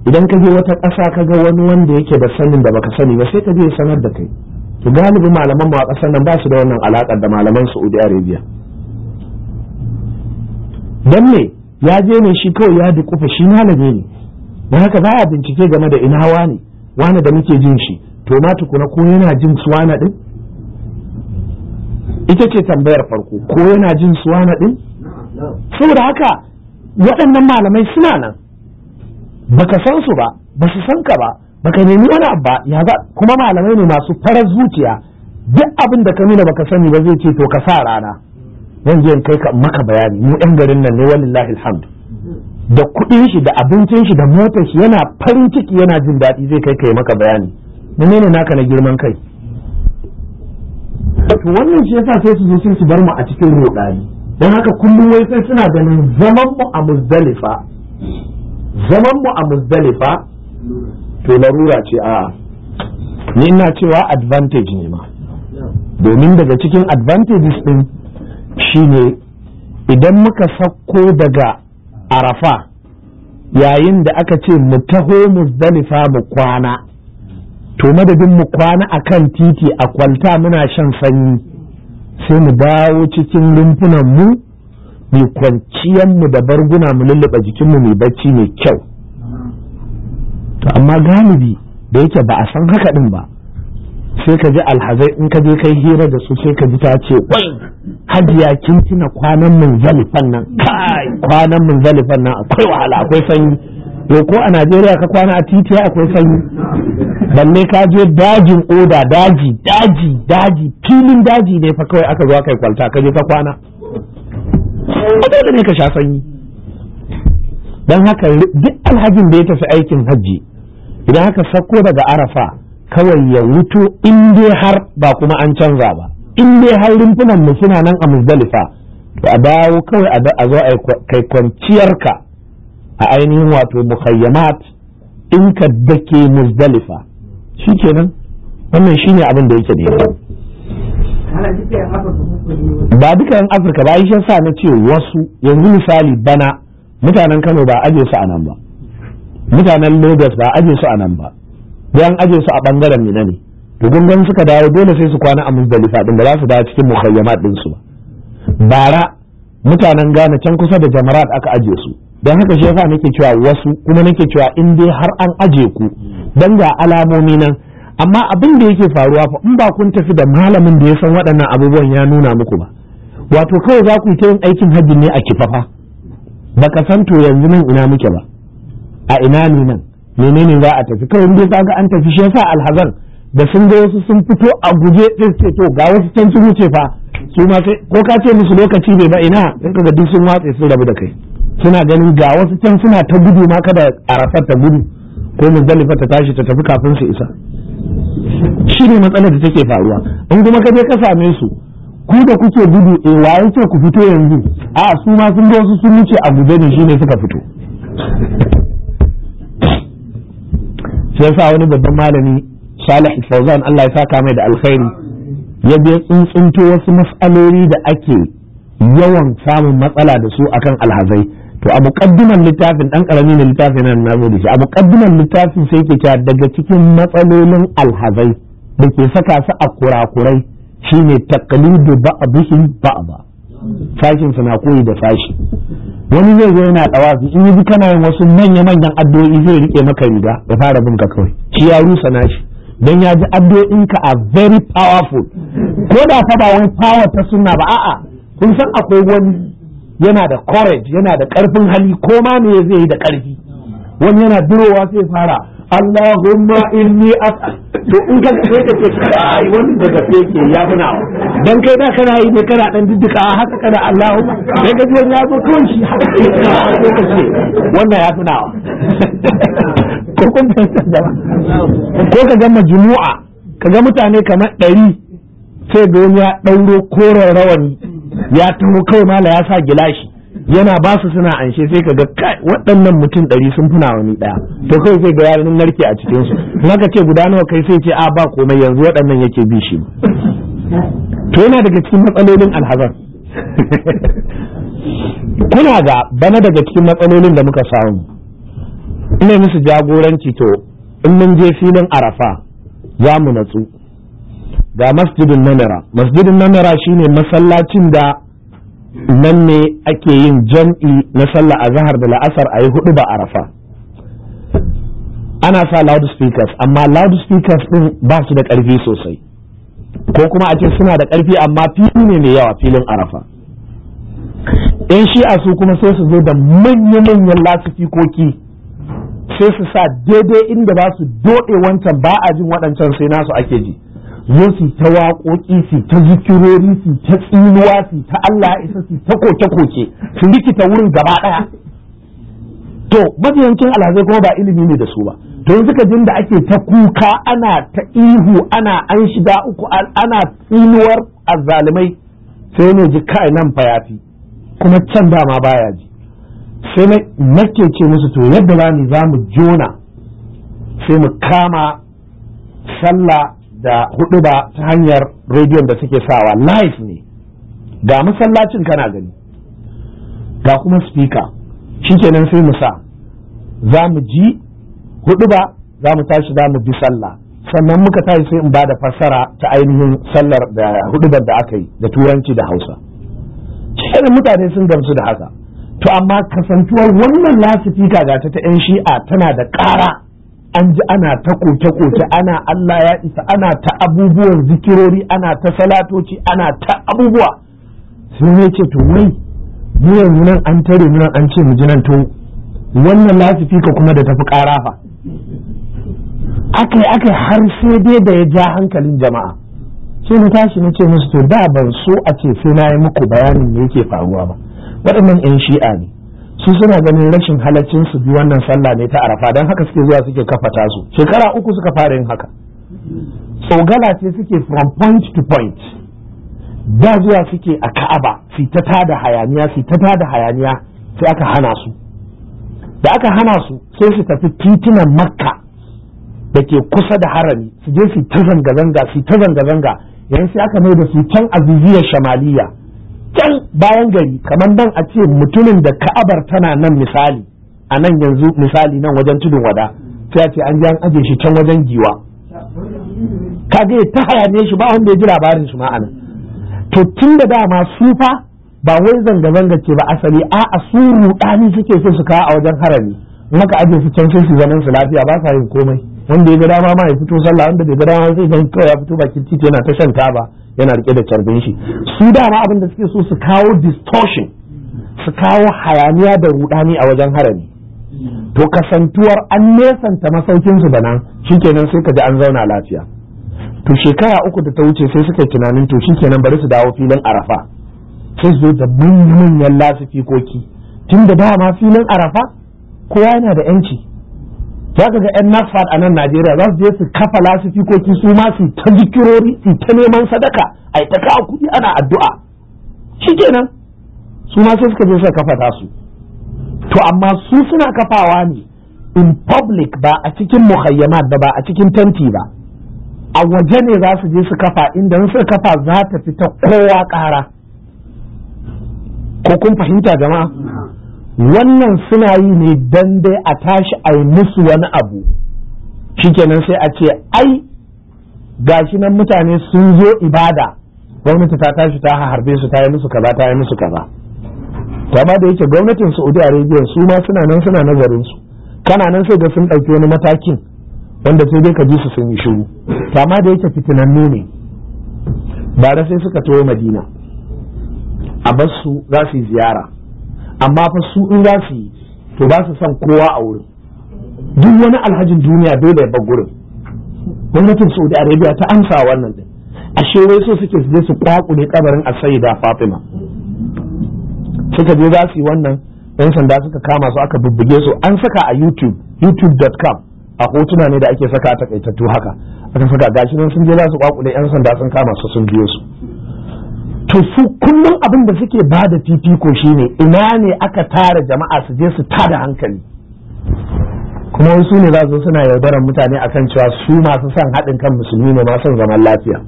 idan ka je wata ƙasa ka ga wani wanda yake da sanin da baka sani ba sai ka je sanar da kai to galibin malaman ba a ƙasar nan ba su da wannan alaƙar da malaman Saudi Arabia dan me ya je ne shi kawai ya dukufa shi malami ne don haka za a bincike game da ina wani wani da muke jin shi to ma tukuna ko yana jin suwana ɗin? ita ce tambayar farko ko yana jin suwana ɗin? saboda haka waɗannan malamai suna nan baka san su ba ba su san ka ba baka nemi wani abu ya za kuma malamai ne masu farar zuciya duk abin da ka nuna baka sani ba zai ce to ka sa rana zan je kai ka maka bayani mu yan garin nan ne wallahi alhamd da kuɗin shi da abincin shi da motar shi yana farin ciki yana jin daɗi zai kai kai maka bayani menene naka na girman kai to wannan shi yasa sai su je sun su bar mu a cikin roɗani don haka kullum wai sai suna ganin zaman mu a muzdalifa zaman mu a muzdalifa to larura ce a'a ni ina cewa advantage ne ma domin daga cikin advantages din shine idan muka sakko daga arafa yayin da aka ce mu taho muzdalifa mu kwana to madadin mu kwana a kan titi a kwalta muna shan sanyi sai mu dawo cikin rumfunan mu mu kwanciyan mu da barguna mu lulluɓe jikinmu mai bacci mai kyau to amma galibi da yake ba a san haka din ba sai ka ji alhazai in ka je kai hira da su sai ka ji ta ce kwai hajiya kin tuna kwanan mun zalifan nan kai kwanan mun zalifan nan akwai wahala akwai sanyi yau ko a Najeriya ka kwana a titiya akwai sanyi balle ka je dajin oda daji daji daji filin daji ne fa kawai aka zo kai kwalta ka je ka kwana ko ne ka sha sanyi don haka duk alhajin da ya tafi aikin hajji idan haka sako daga arafa kawai ya wuto in dai har ba kuma an canza ba in dai har rumfunan mu suna nan a muzdalifa to a dawo kawai a zo kai kwanciyarka a ainihin wato mukhayyamat in ka dake muzdalifa shikenan wannan shine abin da yake da ba duka yan afirka ba shan sa na ce wasu yanzu misali bana mutanen kano ba aje su a nan ba mutanen lagos ba aje su a nan ba don aje su a bangaren mina ne to gungun suka dawo dole sai su kwana a muzdalifa din ba za su dawo cikin mukhayyamat din su ba bara mutanen Ghana can kusa da jamarat aka aje su don haka shi yasa nake cewa wasu kuma nake cewa in dai har an aje ku dan ga alamomi nan amma abin da yake faruwa fa in ba kun tafi da malamin da ya san waɗannan abubuwan ya nuna muku ba wato kawai za ku yi ta yin aikin hajji ne a kifafa baka san to yanzu nan ina muke ba a ina ne nan menene za a tafi kawai dai kaga an tafi shi yasa alhazan da sun ga wasu sun fito a guje din sai to ga wasu can sun wuce fa su ma sai ko ka ce musu lokaci bai ba ina sai kaga duk sun watse sun rabu da kai suna ganin ga wasu can suna ta gudu ma kada arafat ta gudu ko muzdalifa ta tashi ta tafi kafin su isa shi ne matsalar da take faruwa in kuma ka je ka same su ku da kuke gudu a eh, waye ce ku fito yanzu a su ma sun ga wasu sun wuce a shi ne suka fito sai sa wani babban malami Salih Fauzan Allah ya saka mai da alkhairi ya je tsuntsunto wasu mas'aloli da ake yawan samun matsala da su akan alhazai to a muqaddiman littafin dan karami ne littafin nan na zo da shi a muqaddiman littafin sai ke cewa daga cikin matsalolin alhazai da ke saka su a kurakurai Shi shine taqlidu ba'dihim ba'da fashin na koyi da fashi wani zai zo yana dawafi in yi kana yin wasu manya manyan addu'o'i zai rike maka riga ya fara bin ka kawai shi ya rusa nashi dan ya ji ka a very powerful ko da fa ba wani power ta sunna ba a'a kun san akwai wani yana da courage yana da karfin hali ko ma me zai yi da karfi wani yana durowa sai fara Allahumma inni as'al to in ka sai ka ce kai wani daga sai ke ya funawa dan kai da kana yi ne kana dan diddika ah, haka kana Allahumma sai ka ce ya zo kawai shi haka sai ka ce wannan ya funawa ko kun fahimta ko ka ga majmu'a ka ga mutane kamar ɗari sai don ya ɗauro koren rawani ya taho kawai mala ya sa gilashi yana ba su suna anshe sai ka ga waɗannan mutum ɗari sun funa wani ɗaya to kawai sai ga yaran narke a cikin su haka ce guda nawa kai sai ce a ba komai yanzu waɗannan yake bi shi to yana daga cikin matsalolin alhazan kuna ga bana daga cikin matsalolin da muka samu ina musu jagoranci to in mun je filin arafa za mu natsu ga masjidin namira masjidin namira shine masallacin da nan ne ake yin jam'i na sallah a zahar da la'asar a yi hudu ba arafa ana sa loudspeakers amma loudspeakers din ba su da ƙarfi sosai ko kuma a ce suna da ƙarfi amma fili ne mai yawa filin arafa in shi'a su kuma sai su zo da manya-manyan lasifikoki sai su sa daidai inda ba su doɗe wancan ba a jin waɗancan sai nasu ake ji zo su ta waƙoƙi su ta zikirori su ta tsinuwa su ta Allah isa su ta koke-koke su likita wurin gaba ɗaya to mafiyancin alhazai kuma ba ilimi ne da su ba to yanzu ka jin da ake ta kuka ana ta ihu ana an shiga uku ana tsinuwar azzalumai sai ne ji kai nan fa yafi kuma can dama baya ji sai nake ce musu to yadda za mu jona sai mu kama sallah da hudu ba ta hanyar rediyon da suke sawa live ne ga masallacin kana gani ga kuma speaker shikenan sai mu sa za mu ji hudu ba za mu tashi za mu bi sallah sannan muka tashi sai in ba da fassara ta ainihin sallar da hudu da aka yi da turanci da hausa cikin mutane sun gamsu da haka to amma kasantuwar wannan lasifika ga ta 'yan shi'a tana da ƙara an ji ana ta koke-koke ana Allah ya isa ana ta abubuwan zikirori ana ta salatoci ana ta abubuwa sun ne ce to wai mu yanzu nan an tare mu nan an ce mu ji nan to wannan ka kuma da tafi fa. akai akai har sai dai da ya ja hankalin jama'a sai na tashi na ce musu to da ban so a ce sai na yi muku bayanin me yake faruwa ba waɗannan 'yan shi'a ne su suna ganin rashin halaccin su bi wannan sallah ne ta arafa don haka suke zuwa suke kafata su shekara uku suka fara yin haka tsogala ce suke from point to point da zuwa suke a ka'aba su ta da hayaniya su ta da hayaniya sai aka hana su da aka hana su sai su tafi titunan makka da ke kusa da harami su je su ta zanga-zanga su ta zanga-zanga yayin sai aka mai da su can aziziyar shamaliya can bayan gari kamar nan a ce mutumin da ka'abar tana nan misali a nan yanzu misali nan wajen tudun wada sai a ce an ji an aje shi can wajen giwa kage ta hayane shi ba wanda ya ji labarin shi ma'ana to tun da dama su fa ba wai zanga-zanga ce ba asali a a su rudani suke so su kawo a wajen harami maka ajiye su can sai su zaman su lafiya ba sa yin komai wanda ya ga dama ma ya fito sallah wanda bai ga dama sai zan kawai ya fito bakin titi yana ta shan taba yana rike da carbin shi su dama abin da suke so su kawo distortion su kawo hayaniya da rudani a wajen harami to kasantuwar an nesanta masaukin su da nan shikenan sai ka ji an zauna lafiya to shekara uku da ta wuce sai suka tunanin to shikenan bari su dawo filin arafa sai su zo da manyan lasifikoki tun da dama filin arafa kowa yana da yanci za ka ga yan nasfad a nan najeriya za su je su kafa lasifikoki su ma su ta jikirori su ta neman sadaka a ta kawo kuɗi ana addu'a shi nan su ma sai suka je suka kafa tasu to amma su suna kafawa ne in public ba a cikin muhayyamat ba ba a cikin tanti ba a waje ne za su je su kafa inda su kafa za ta fita kowa kara ko kun fahimta jama'a wannan suna yi ne dan dai a tashi a yi musu wani abu shikenan sai a ce ai gashi nan mutane sun zo ibada gwamnati ta tashi ta harbe su ta yi musu kaza ta yi musu kaza ta da yake gwamnatin Saudi Arabia su ma suna nan suna nazarin su kana nan sai da sun ɗauki wani matakin wanda sai dai ka ji su sun yi shiru ta ma da yake fitinan fitinannu Ba bara sai suka toyo Madina a basu su za su yi ziyara amma fa su in za su yi to ba su son kowa a wurin duk wani alhajin duniya bai da bar gurin gwamnatin saudi arabia ta amsa wannan din ashe wai so suke su je su kwakule kabarin asayida fatima suka je za su yi wannan yan sanda suka kama su aka bubbuge su an saka a youtube youtube.com a hotuna ne da ake saka a takaitattu haka aka saka gashi nan sun je za su kwakule yan sanda sun kama su sun biyo su to su kullum abin da suke ba da fifiko shine ina ne aka tara jama'a su je su tada hankali kuma wasu ne za su suna yaudarar mutane akan cewa su masu son haɗin kan musulmi ne masu zaman lafiya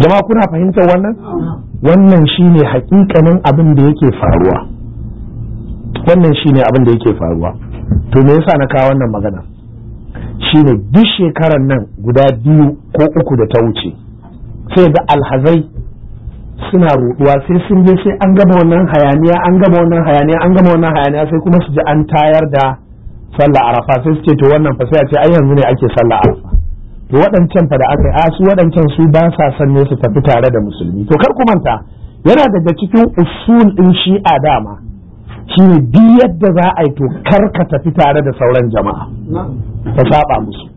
jama'a kuna fahimtar wannan wannan shine hakikanin abin da yake faruwa wannan shine abin da yake faruwa to me yasa na kawo wannan magana Shi ne duk shekarar nan guda biyu ko uku da ta wuce sai ga alhazai suna ruɗuwa sai sun je sai an gama wannan hayaniya an gama wannan hayaniya an gama wannan hayaniya sai kuma su ji an tayar da sallah arafa sai su to wannan fa sai a ce ai yanzu ne ake sallah arafa to waɗancan fa da aka yi a su waɗancan su ba sa son ne su tafi tare da musulmi to kar ku manta yana daga cikin usul din shi'a dama ne bi yadda za a yi to kar ka tafi tare da sauran jama'a ka saba musu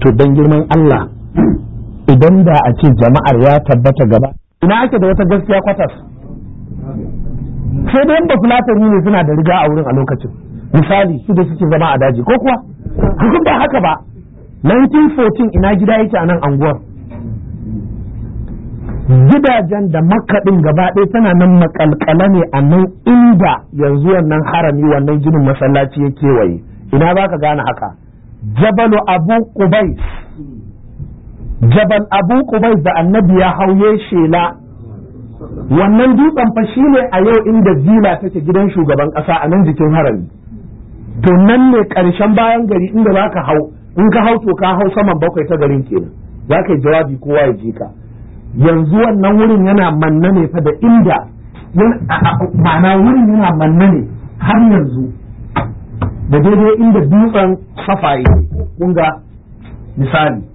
to dan girman Allah idan da a ce jama'ar ya tabbata gaba ina ake da wata gaskiya kwatas sai dai ba fulatani ne suna da riga a wurin a lokacin misali su da suke zama a daji ko kuwa hukun ba haka ba 1914 ina gida yake a nan anguwar gidajen da makaɗin gaba ɗaya tana nan makalkala ne a nan inda yanzu wannan harami wannan ginin masallaci ya kewaye ina ba ka gane haka jabalu abu kubais jabal abu kubai da annabi ya hauye shela wannan dutsen fa shine a yau inda zila take gidan shugaban kasa a nan jikin harami to nan ne karshen bayan gari inda zaka hau in ka hau to ka hau saman bakwai ta garin kenan za yi jawabi kowa ya je ka yanzu wannan wurin yana manna ne fa da inda ma'ana wurin yana manna ne har yanzu da daidai inda dutsen safaye kunga misali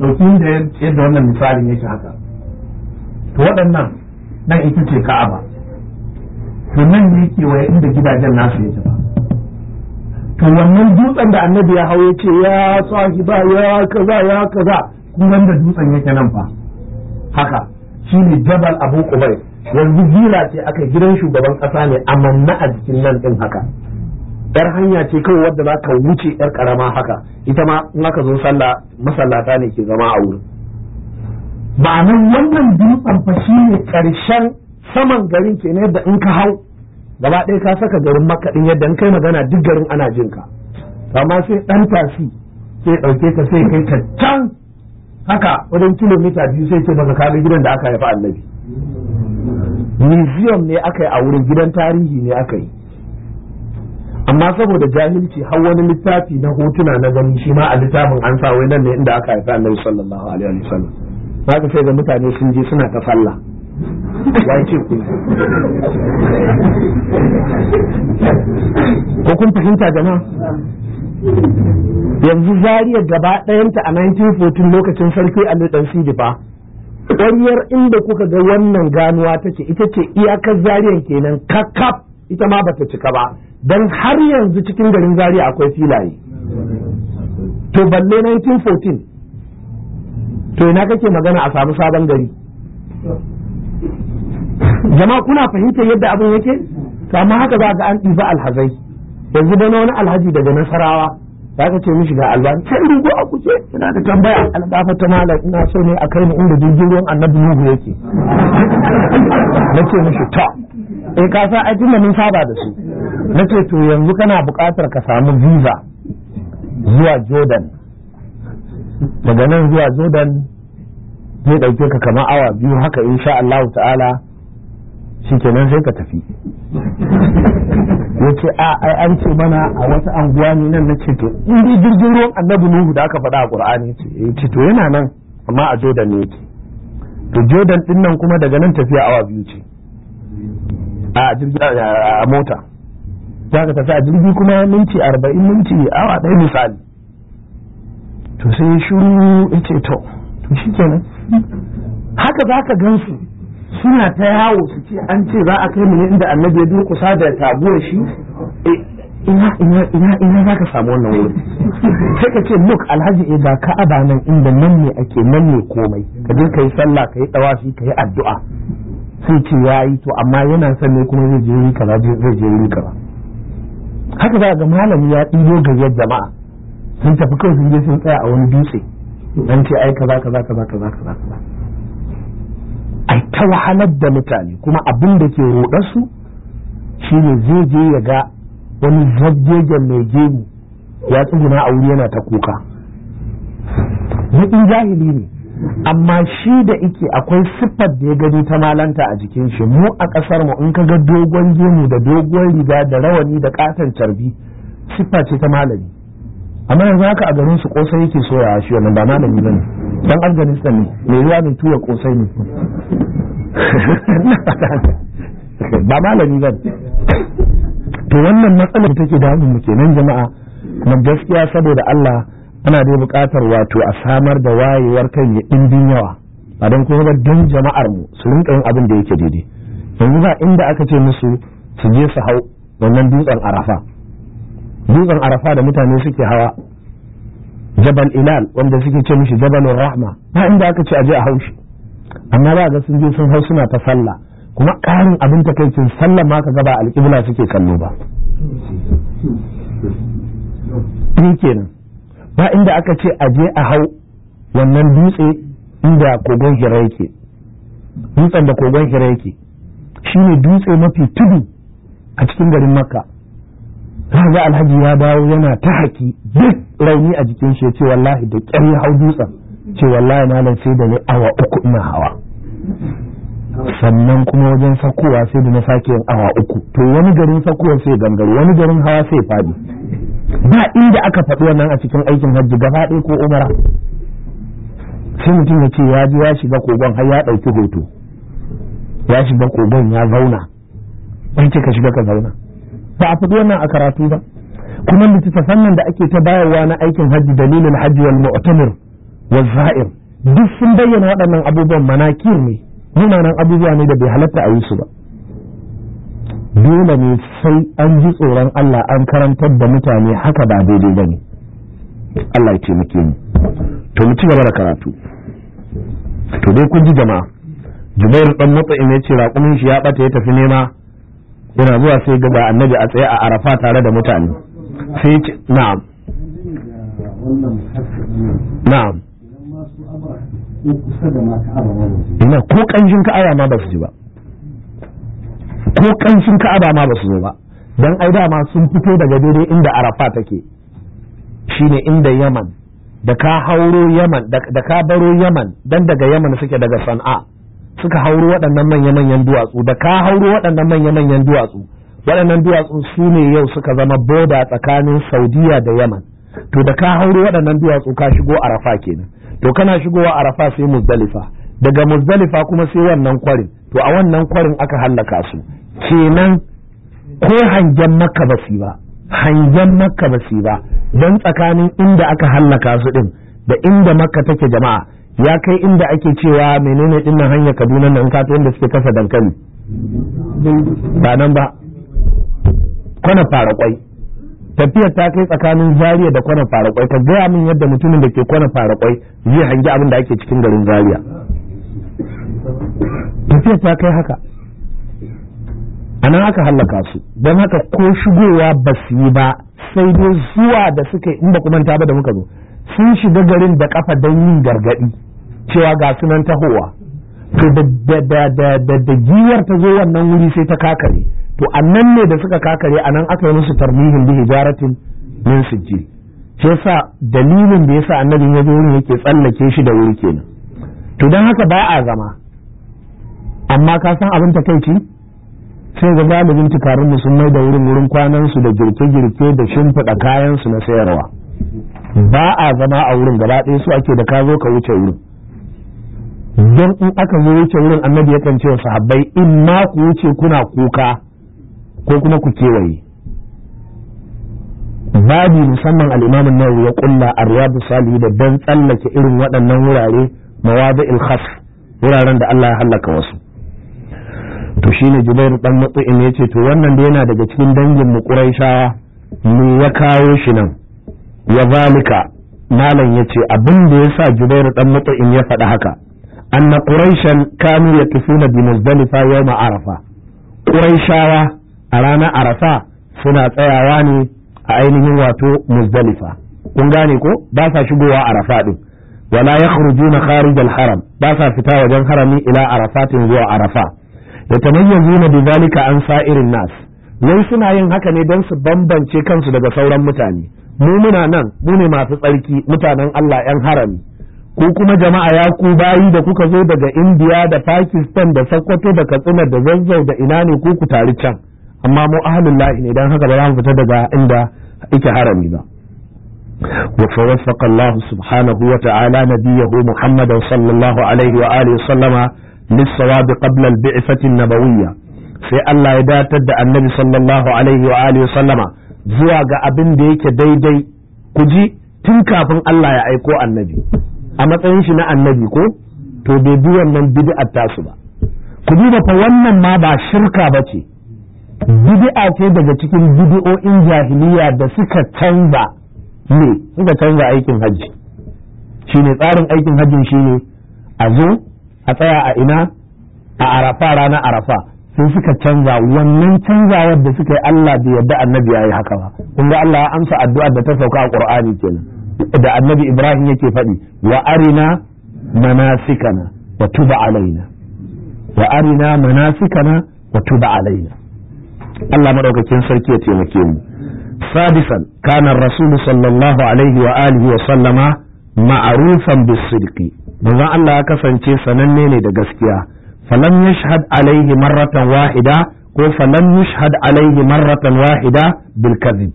ɗauki da yadda wannan misalin yake haka to waɗannan nan ita ce ka'aba to nan ne waye inda gidajen nasu ya ba to wannan dutsen da annabi ya hau ya ce ya sahiba ya kaza ya kaza kun da dutsen yake nan fa haka shine jabal abu kubai yanzu gira ce aka gidan shugaban ƙasa ne amanna a jikin nan ɗin haka yar hanya ce kawai wadda za ka wuce yar karama haka ita ma in aka zo sallah masallata ne ke zama a wurin nan wannan dutsen fa ne karshen saman garin ke ne da in ka hau gaba ɗaya ka saka garin makaɗin yadda in kai magana duk garin ana jin ka amma sai ɗan tasi sai ɗauke ka sai kai ka can haka wajen kilomita biyu sai ce baka kaga gidan da aka haifa annabi museum ne aka yi a wurin gidan tarihi ne aka yi amma saboda jahilci har wani littafi na hotuna na gani shi ma a littafin an sa wai nan ne inda aka haifa annabi sallallahu alaihi wa sallam ka sai da mutane sun je suna ta sallah wai ce ku ko kun fahimta jama'a yanzu zariyar gaba ɗayanta a 1914 lokacin sarki Ali dan Sidi ba inda kuka ga wannan ganuwa take ita ce iyakar zariyar kenan kakaf ita ma bata cika ba don har yanzu cikin garin zaria akwai filaye to balle 1914 to ina kake magana a samu sabon gari jama'a kuna fahimtar yadda abin yake to amma haka za ga an ɗiba alhazai yanzu da wani alhaji daga nasarawa za ka ce mishi ga albani sai a kuce ina da tambaya algafa ta mala ina so ne a kai ni inda jirgin ruwan annabi nuhu yake na ce mishi ta in eh, ka san ai tunda mun saba da su nace to yanzu kana buƙatar ka samu visa zuwa Jordan daga nan zuwa Jordan zai ɗauke ka kamar awa biyu haka insha Allah ta'ala shikenan sai ka tafi yace a ai an ce mana a wata anguwa ne nan nace to in jirgin ruwan Annabi Nuhu da aka faɗa a Qur'ani yace to yana nan amma a Jordan ne yake to Jordan din nan kuma daga nan tafiya awa biyu ce a a mota za ka tafi a jirgi kuma minti arba'in minti awa ɗaya misali to sai shuru ya ce to to shi kenan haka za ka gan su suna ta yawo su ce an ce za a kai mu inda annabi ya durkusa da tabuwar shi eh, ina ina ina ina za ka samu wannan wuri sai ka ce muk alhaji eh ga ka'aba nan inda nan ne ake nan ne komai ka je ka yi sallah ka yi tawafi ka yi addu'a sai ce ya yi to amma yana son ne kuma zai je yi kaza zai je yi kaza haka za ga malami ya ɗibo gayyar jama'a sun tafi kawai sun je sun tsaya a wani dutse dan ce ai kaza kaza kaza kaza kaza kaza ai ta wahalar da mutane kuma abin da ke roɗar su shine zai je ya ga wani zabgegen mai gemu ya tsuguna a wuri yana ta kuka na jahili ne amma shi da ike akwai siffar da ya gani ta malanta a jikin shi mu a ƙasar mu in ka ga dogon gemu da dogon riga da rawani da katon carbi siffa ce ta malami amma yanzu haka a garin su kosai yake soya shi wannan ba malami ne dan Afghanistan ne mai ruwa mai tuya kosai ne ba malami bane to wannan matsalar take damun mu kenan jama'a na gaskiya saboda Allah ana dai buƙatar wato a samar da wayewar kan ya ɗimbin yawa ba don kuma ba don jama'ar mu su rinka yin abin da yake daidai yanzu ba inda aka ce musu su je su hau wannan dutsen arafa dutsen arafa da mutane suke hawa jabal ilal wanda suke ce mishi jabalin rahma ba inda aka ce a je a hau shi amma ba ga sun je sun hau suna ta sallah kuma ƙarin abin takaicin sallah ma ka gaba alƙibla suke kallo ba kenan ba inda aka ce a je a hau wannan dutse inda kogon hira yake dutsen da kogon hira yake shine dutse mafi tudu a cikin garin makka ga alhaji ya dawo yana ta haki duk rauni a jikin shi ce wallahi da kyari hau dutsen ce wallahi malam sai da ne awa uku ina hawa sannan kuma wajen sakowa sai da na sake yin awa uku to wani garin sakowa sai gangare wani garin hawa sai fadi ba inda aka faɗi nan a cikin aikin hajji gaba ɗaya ko umara sai mutum ya ce ya ji ya shiga kogon har ya ɗauki hoto ya shiga kogon ya zauna an ce ka shiga ka zauna ba a faɗi wannan a karatu ba kuma littattafan nan da ake ta bayarwa na aikin hajji dalilin hajji wal mu'tamir wal za'ir duk sun bayyana waɗannan abubuwan manakir ne munanan abubuwa ne da bai halatta a yi su ba dole ne sai an ji tsoron Allah an karantar da mutane haka ba daidai ba ne Allah ya taimake mu to mu ci gaba da karatu to dai kun ji jama'a Jubair dan matsayin ya ce raƙumin shi ya bata ya tafi nema yana zuwa sai ga annabi a tsaye a Arafa tare da mutane sai ce na'am na'am ina ko kanjin aya ma ba su ji ba ko kanshin ka'aba ma ba su zo ba dan ai dama sun fito daga daidai inda arafa take shine inda yaman da ka hauro yaman da ka baro yaman dan daga yaman suke daga san'a suka hauro waɗannan manyan manyan duwatsu da ka hauro waɗannan manyan manyan duwatsu waɗannan duwatsu su ne yau suka zama boda tsakanin saudiya da yaman to da ka hauro waɗannan duwatsu ka shigo arafa kenan to kana shigowa arafa sai muzdalifa daga muzdalifa kuma sai wannan kwarin to a wannan kwarin aka hallaka su kenan ko hangen maka ba su ba hangen maka ba su ba don tsakanin inda aka hallaka su din da inda maka take jama'a ya kai inda ake cewa menene dinnan hanya kaduna nan ka inda suke kasa dankali ba nan ba kwana fara kwai tafiyar ta kai tsakanin zaria da kwana fara kwai ka gaya min yadda mutumin da ke kwana fara kwai zai hangi abin da ake cikin garin zaria tafiyar ta kai haka a aka hallaka su don haka ko shigowa ba su yi ba sai dai zuwa da suka in ba manta ba da muka zo sun shiga garin da kafa don yin gargadi cewa ga sunan tahowa to da giyar ta zo wannan wuri sai ta kakare to annan ne da suka kakare anan aka yi musu tarmihin bi hijaratin min sijji shi sa dalilin da yasa annabin ya zo wurin yake tsallake shi da wuri kenan to don haka ba a zama amma ka san abin takaici sai ga galibin tukarun mu sun mai da wurin wurin kwanan su da girke-girke da shimfiɗa kayan su na sayarwa ba a zama a wurin gaba ɗaya su ake da kazo ka wuce wurin don in aka zo wuce wurin annabi ya kance wa sahabbai in ma ku wuce kuna kuka ko kuma ku kewaye babi musamman al'imamin nawawi ya kulla a riyadu salihu da don tsallake irin waɗannan wurare mawadi ilhas wuraren da Allah ya hallaka wasu to shi ne Jubair ɗan matsu'in ya ce to wannan da yana daga cikin dangin mu Quraishawa mu ya kawo shi nan Ya zalika malam ya ce abin da ya sa Jubair ɗan matsu'in ya faɗa haka anna Quraishan kanu yakifuna bi Muzdalifa yawma Arafa Quraishawa a rana Arafa suna tsayawa ne a ainihin wato Muzdalifa kun gane ko ba sa shigowa Arafa din wala yakhrujuna kharij al-haram ba sa fita wajen harami ila Arafatin zuwa Arafa yatamayyazuna bidhalika an sa'irin nas wai suna yin haka ne don su bambance kansu daga sauran mutane mu muna nan mu ne masu tsarki mutanen Allah yan harami ku kuma jama'a ya ku bayi da kuka zo daga Indiya da Pakistan da Sokoto da Katsina da Zazzau da ina ne ku ku tari can amma mu ahlul lahi ne dan haka ba za mu fita daga inda yake harami ba Allah subhanahu wa ta'ala نبيه محمدا sallallahu alaihi wa alihi sallama. lissawabi qabla al-bi'fati nabawiyya sai Allah ya datar da annabi sallallahu alaihi wa alihi zuwa ga abin da yake daidai ku ji tun kafin Allah ya aiko annabi a matsayin shi na annabi ko to bai bi wannan bid'a tasu ba ku duba fa wannan ma ba shirka bace bid'a ce daga cikin bid'o'in jahiliya da suka canza ne suka canza aikin hajji shine tsarin aikin hajjin shine a zo a tsaya a ina a arafa rana arafa sai suka canza wannan canzawar da suka yi Allah bai yarda annabi yayi haka ba kun ga Allah ya amsa addu'a da ta sauka a Qur'ani kenan da annabi Ibrahim yake faɗi wa arina manasikana wa tuba alaina wa arina manasikana wa tuba alaina Allah madaukakin sarki ya taimake mu sadisan kana rasulu sallallahu alaihi wa alihi wa sallama ma'rufan bis-sidqi manzon Allah ya kasance sananne ne da gaskiya falam yashhad alaihi marratan wahida ko falam yashhad alaihi marratan wahida bil kadhib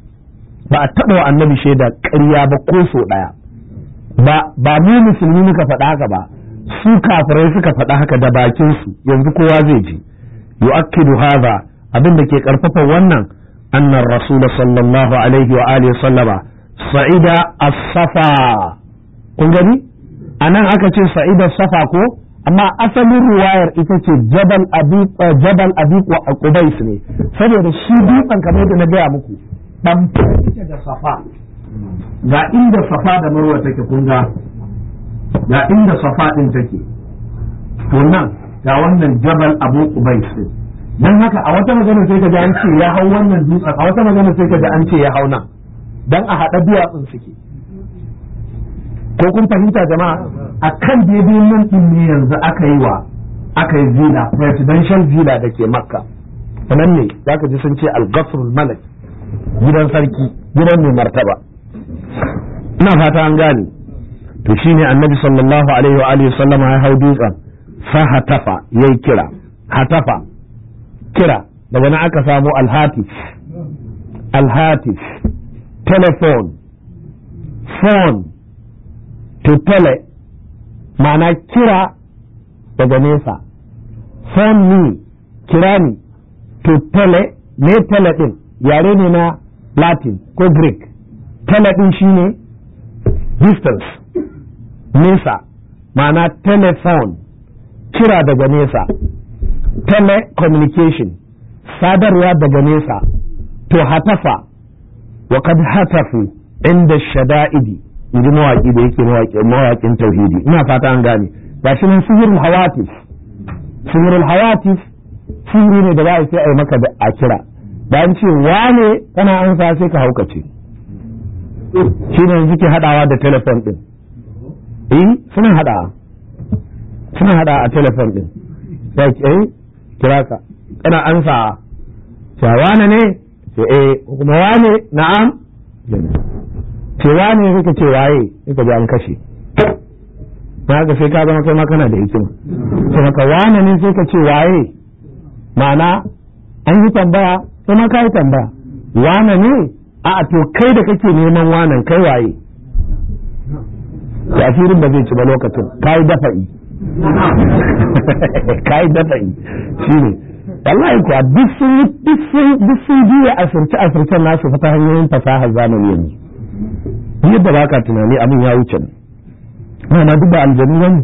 ba a taba annabi shaida ƙarya ba ko so daya ba ba mu musulmi muka faɗa haka ba su kafirai suka faɗa haka da bakin su yanzu kowa zai ji yu'akkidu hadha abin da ke karfafa wannan annar rasul sallallahu alaihi wa alihi sallama sa'ida as-safa kun gani a nan aka ce sa'idar safa ko amma asalin ruwayar ita ce jabal abi eh, qubais ne saboda shi dutsen kamar da na gaya muku dan take da safa ga inda safa da marwa take kunga ga inda safa din take to nan ga wannan jabal abu qubais ne dan haka a wata magana sai ka ga an ce ya hau wannan dutsen a wata magana sai ka ga an ce ya hau nan dan a hada duwatsun suke ko kun fahimta jama'a akan daidai nan yanzu aka yi wa aka yi villa presidential villa da ke makka nan ne zaka ji sun ce al-ghafr gidan sarki gidan mai martaba ina fata an gane to shine annabi sallallahu alaihi wa alihi sallama ya hau dutsen fa hatafa yayi kira hatafa kira daga nan aka samu al-hatif al-hatif telephone phone tutale ma'ana kira daga nesa phone me kira ni ne tele din yare ne na latin ko greek tele din shine distance nesa ma'ana telephone kira daga nesa telecommunication sadarwa daga nesa to hatafa wa kad hatafu inda shada'idi in ji mawaƙi da yake mawaƙin tauhidi ina fata an gane ga shi nan sihirul hawatif sihirul hawatif sihiri ne da za a sai a yi maka da a kira an ce wane kana an sa sai ka haukace shi ne yanzu ke haɗawa da telefon ɗin eh suna haɗawa suna haɗawa a telefon ɗin sai ke eh, kira ka kana an sa wane ne sai eh kuma wane na'am cewa ne suka ce waye suka ji an kashe ba ga sai ka zama kai ma kana da hikima to ka wane ne sai ka ce waye ma'ana an yi tambaya sai ma ka yi tambaya wane ne a to kai da kake neman wanan kai waye firin ba zai ci ba lokacin ka yi dafa'i dafa yi shi ne wallahi kuwa duk sun juya asirce asircen nasu fata hanyoyin fasahar zamani yanzu yadda ba ka tunani abin ya wuce Mana duk ba aljanu wani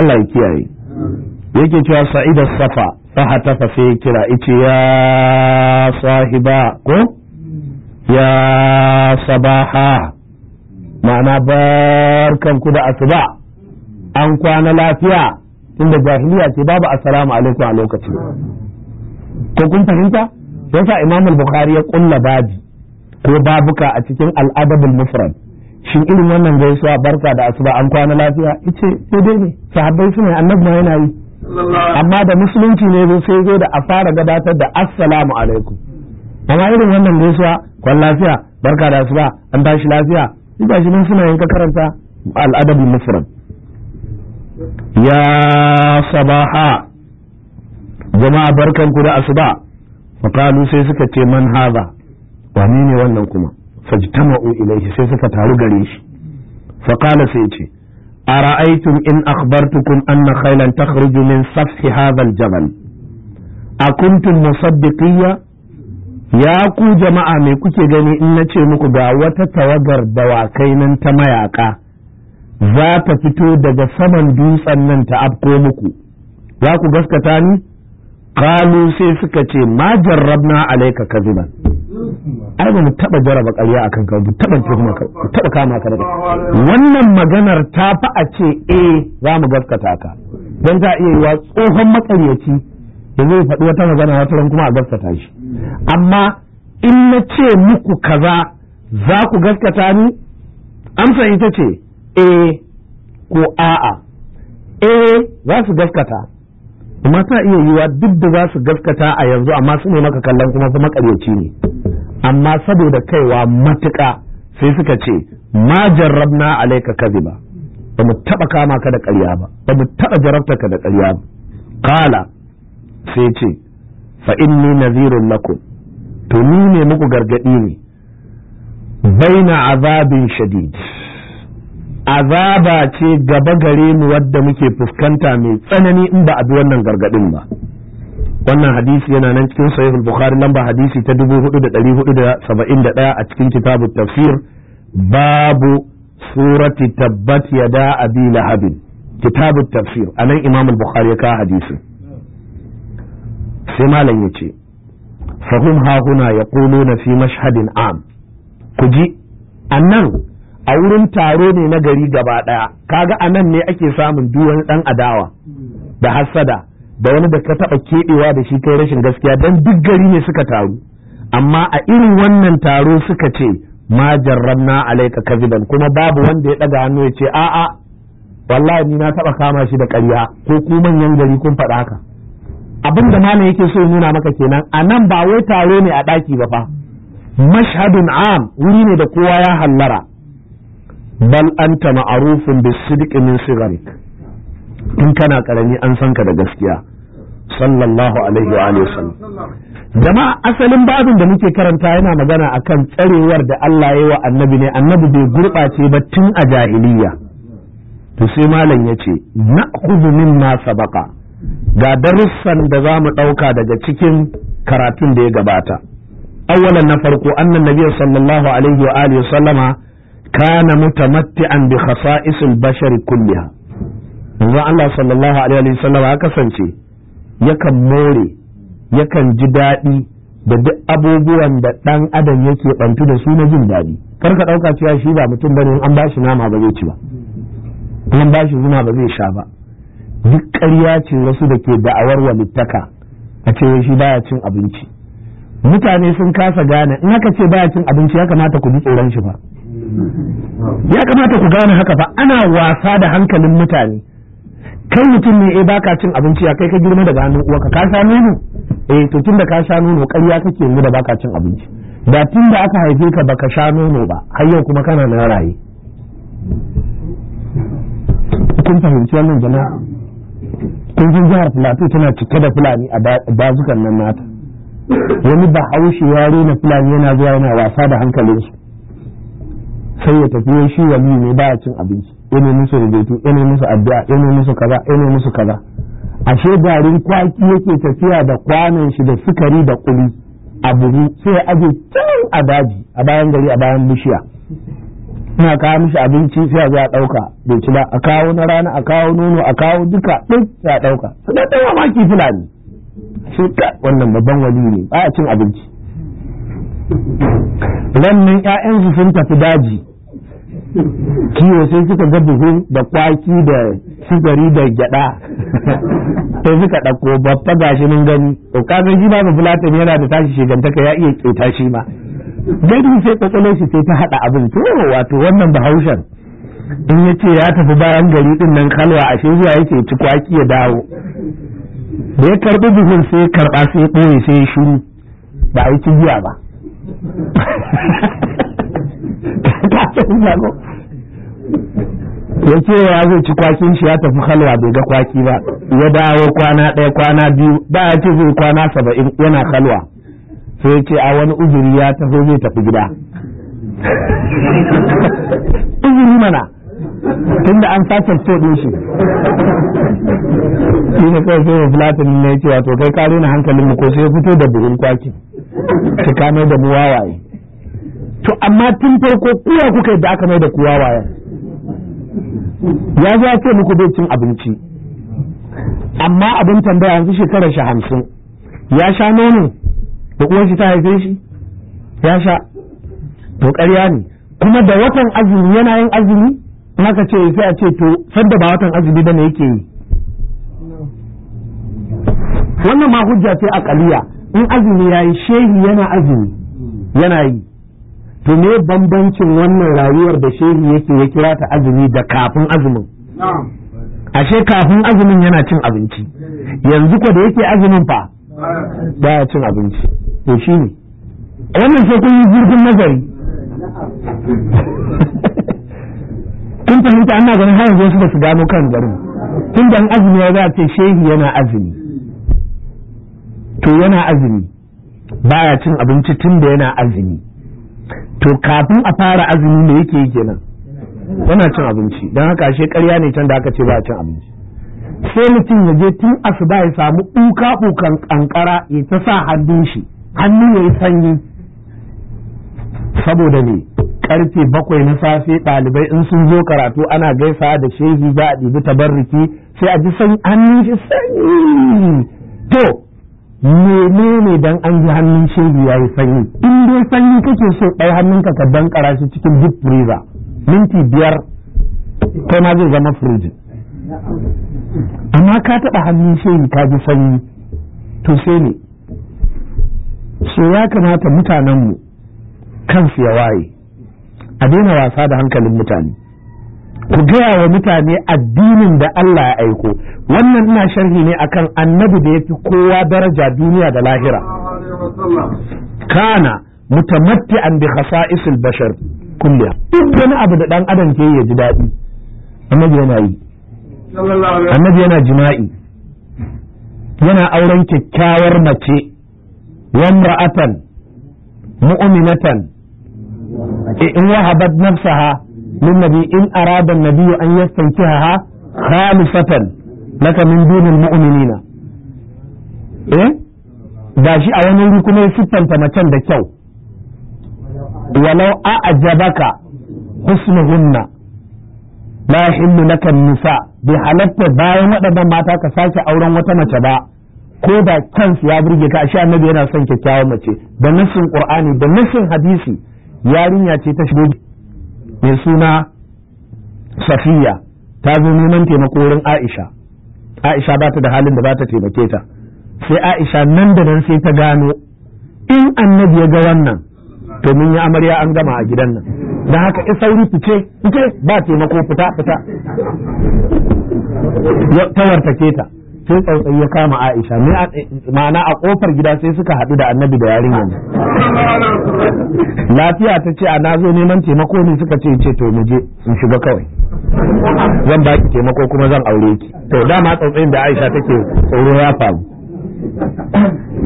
Allah ya kiyaye yake cewa sa'ida safa fa fa sai kira ice ya sahiba ko ya sabaha ma'ana barkan ku da asuba an kwana lafiya Tunda jahiliya ce babu assalamu alaikum a lokacin ko kun fahimta yasa imam al-bukhari ya kulla babi ko babuka a cikin al'adabul mufrad shin irin wannan gaisuwa barka da asuba an kwana lafiya ice daidai ne sahabbai suna annabi ma yana yi amma da musulunci ne zo sai zo da a fara gabatar da assalamu alaikum amma irin wannan gaisuwa kwan lafiya barka da asuba an tashi lafiya ba shi nan suna yanka karanta al'adabul mufrad ya sabaha jama'a barkanku da asuba faqalu sai suka ce man hadha wane ne wannan kuma fajtama'u ilayhi sai suka taru gare shi fa qala sai ce ara'aytum in akhbartukum anna khaylan takhruju min safhi hadha al-jabal akuntum musaddiqiyya ya ku jama'a me kuke gani in nace muku ga wata tawagar dawakai nan ta mayaka za ta fito daga saman dutsen nan ta afko muku za ku gaskata ni kalu sai suka ce ma jarrabna alayka kadiban ai ba mu taba jaraba ƙarya akan ka mu taba tuhuma ka mu taba kama ka daga wannan maganar ta fi a ce eh za mu gaskata ka dan ta iya yiwa tsohon makaryaci da zai faɗi wata magana wata ran kuma a gaskata shi amma in na ce muku kaza za ku gaskata ni amsa ita ce eh ko a'a eh za su gaskata amma ta iya yiwa duk da za su gaskata a yanzu amma su ne maka kallon kuma su makaryaci ne amma saboda kaiwa matuƙa sai suka ce ma jarrabna alaika kadhiba ba mu taba kama ka da ƙarya ba ba mu taba jarabta ka da ƙarya ba qala sai ce fa inni nazirun lakum to ni ne muku gargadi ne baina azabin shadid azaba ce gaba gare mu wadda muke fuskanta mai tsanani in ba a bi wannan gargadin ba wannan hadisi yana nan cikin sahih al-bukhari lamba hadisi ta 4471 a cikin kitabu tafsir babu surati tabbat yada abi lahab kitabu tafsir anan imam al-bukhari ya kawo hadisi sai malam yace fahum ha huna yaquluna fi mashhadin am kuji annan a wurin taro ne na gari gaba ɗaya kaga a nan ne ake samun duwan ɗan adawa da hassada da wani da ka taɓa keɓewa da shi kai rashin gaskiya don duk gari ne suka taru amma a irin wannan taro suka ce ma na alaika kaziban kuma babu wanda ya ɗaga hannu ya ce a'a wallahi ni na taɓa kama shi da ƙarya ko ku manyan gari kun faɗa haka abin da malam yake so nuna maka kenan a nan ba wai taro ne a ɗaki ba fa mashhadun am wuri ne da kowa ya hallara bal anta ma'arufin bis sidq min sigarik in kana karami an san ka da gaskiya sallallahu alaihi wa alihi wasallam jama'a asalin babin da muke karanta yana magana akan tsarewar da Allah ya wa annabi ne annabi bai gurbace ba tun a jahiliya to sai malam yace na'khudhu mimma sabaqa ga darussan da za mu ɗauka daga cikin karatun da ya gabata awwalan na farko annan sallallahu alaihi wa alihi wasallama كان متمتعا بخصائص البشر bashari kulliha الله Allah sallallahu alaihi وسلم ya kasance yakan more yakan ji daɗi da duk abubuwan da ɗan adam yake ɓantu da su na jin daɗi kar ka ɗauka cewa shi ba mutum bane an ba shi nama ba zai ci ba an ba shi zuma ba zai sha ba duk ƙarya ce wasu da ke da'awar walittaka a ce shi baya cin abinci mutane sun kasa gane in aka ce baya cin abinci ya kamata ku bi tsoron shi ba ya kamata ku gane haka fa ana wasa da hankalin mutane kai mutum ne eh baka cin abinci ya kai ka girma daga hannun uwarka ka sha nono eh to tunda ka sha nono ƙarya kake yanzu da baka cin abinci da tunda aka haife ka baka sha nono ba har yau kuma kana na raye kun fahimci wannan jama'a kun ji jihar Filato tana cike da Fulani a dazukan nan nata wani bahaushe ya rena Fulani yana zuwa yana wasa da hankalinsu sai ya tafi shi wali ne baya cin abinci yana musu rubutu yana musu addu'a yana musu kaza yana musu kaza ashe garin kwaki yake tafiya da kwanan shi da sukari da kuli a bugu sai ya aje can a daji a bayan gari a bayan bishiya ina kawo mishi abinci sai a zo a ɗauka bai ci ba a kawo na rana a kawo nono a kawo duka duk sai a ɗauka su da ma ki fulani shi wannan babban wali ne baya cin abinci Lannan 'ya'yansu sun tafi daji kiwo sai suka ga buhu da kwaki da sigari da gyada sai suka ɗauko babba gashi mun gani to kaga shi ba fulatan yana da tashi shigantaka ya iya keta shi ma gani sai kwakwalwar shi sai ta haɗa abin to wato wannan bahaushen in ya ce ya tafi bayan gari din nan kalwa ashe zuwa yake ci kwaki ya dawo da ya karɓi buhun sai ya karɓa sai ya ɓoye sai ya shiru ba a yi ba ya ce ya zai ci kwakin shi ya tafi halwa bai ga kwaki ba ya dawo kwana ɗaya kwana biyu ba ya ce zai kwana saba'in yana halwa sai ya ce a wani uzuri ya tafi zai tafi gida uzuri mana tun da an sace to din shi shi ne kawai sai platin ne ce wato kai kare na hankalin mu ko sai ya fito da buhun kwaki ka kano da mu wawaye to amma tun farko kuwa kuka da aka mai da kuwa waya. ya za ce muku cin abinci amma abin tambaya yanzu shekarar shi hamsin ya sha nono da uwar shi ta haife shi ya sha to ƙarya ne kuma da watan azumi yana yin azumi naka ce sai a ce to sanda ba watan azumi bane yake yi wannan ma hujja ce kaliya in azumi yayi shehi yana azumi yana yi to me bambancin wannan rayuwar da shehi yake ya kira ta azumi da kafin azumin ashe kafin azumin yana cin abinci yanzu ko da yake azumin fa baya cin abinci to ne wannan sai kun yi zurfin nazari kun fahimta ana ganin har yanzu ba su gano kan garin tun da azumi ya za ce shehi yana azumi to yana azumi baya cin abinci tun da yana azumi to kafin a fara azumi ne yake yi kenan yana cin abinci don haka shi karya ne can da aka ce ba a cin abinci sai mutum ya je tun asuba ya samu kuka kukan ƙanƙara ya ta sa hannun shi hannu ya yi sanyi saboda ne karfe bakwai na safe ɗalibai in sun zo karatu ana gaisa da shehi za a ɗibi tabarriki sai a ji sanyi hannun shi sanyi to menene dan an ji hannun ya yi sanyi in dai sanyi kake so ɗaya hannunka ka dankara shi cikin deep freezer minti biyar kai ma zai zama firiji amma ka taɓa hannun shegu ka ji sanyi to sai ne so ya kamata mutanenmu kansu ya waye a daina wasa da hankalin mutane ku gaya wa mutane addinin da Allah ya aiko wannan ina sharhi ne akan annabi da yafi kowa daraja duniya da lahira kana mutamatti'an bi khasa'isil bashar kulliya duk wani abu da dan adam ke ya ji daɗi annabi yana yi annabi yana jima'i yana auren kyakkyawar mace wamra'atan mu'minatan in wahabat nafsaha lin nabi in arada nabi an yastankiha khalifatan laka min dunil mu'minina eh da shi a wani wuri kuma ya siffanta macen da kyau walau a ajabaka husnuhunna la hillu laka nisa bi halatta bayan waɗannan mata ka sake auren wata mace ba ko da kansu ya burge ka ashe annabi yana son kyakkyawa mace da nassin ƙur'ani da nassin hadisi yarinya ce ta shigo mai suna safiya ta zo neman taimako wurin aisha aisha ba ta da halin da ba ta taimake ta sai aisha nan da nan sai ta gano in annabi ya ga wannan to mun yi amarya an gama a gidan nan da haka in sauri fice fice ba taimako fita fita ta wartake ta sai tsautsayi ya kama Aisha ma'ana a kofar gida sai suka haɗu da annabi da yarinya. lafiya ta ce a na zo neman taimako ne suka ce ce to mu je in shiga kawai zan baki taimako kuma zan aure ki to dama tsautsayin da Aisha take tsoro ya faru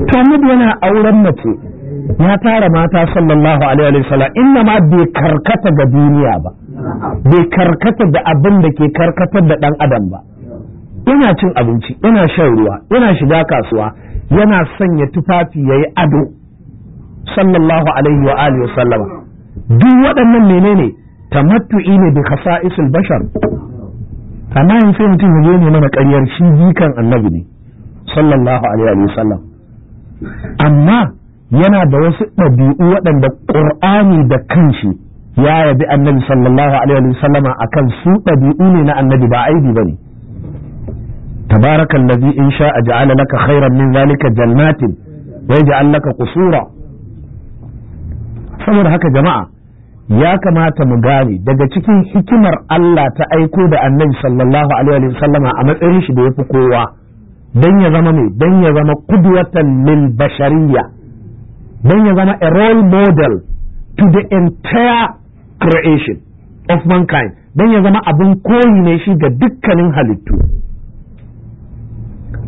to yana auren mace ya tara mata sallallahu alaihi wa sallam inna ma bai karkata ga duniya ba bai karkata da abin da ke karkatar da dan adam ba yana cin abinci yana shan ruwa yana shiga kasuwa yana sanya tufafi ya yi ado sallallahu alaihi wa alihi wa sallama duk waɗannan menene tamattu'i ne bi khasa'isul bashar amma in sai mutum ya ne mana ƙaryar shi jikan annabi ne sallallahu alaihi wa sallam amma yana da wasu ɗabi'u waɗanda ƙur'ani da kanshi ya yabi annabi sallallahu alaihi wa sallama akan su ɗabi'u ne na annabi ba aibi bane تبارك الذي إن شاء جعل لك خيرا من ذلك جنات ويجعل لك قصورا saboda haka jama'a ya kamata mu gane daga cikin hikimar Allah ta aiko da annabi sallallahu alaihi sallama a matsayin shi da ya fi kowa Dan ya zama mai dan ya zama kudwatan lil bashariya don ya zama a role model to the entire creation of mankind don ya zama abin koyi shi ga dukkanin halittu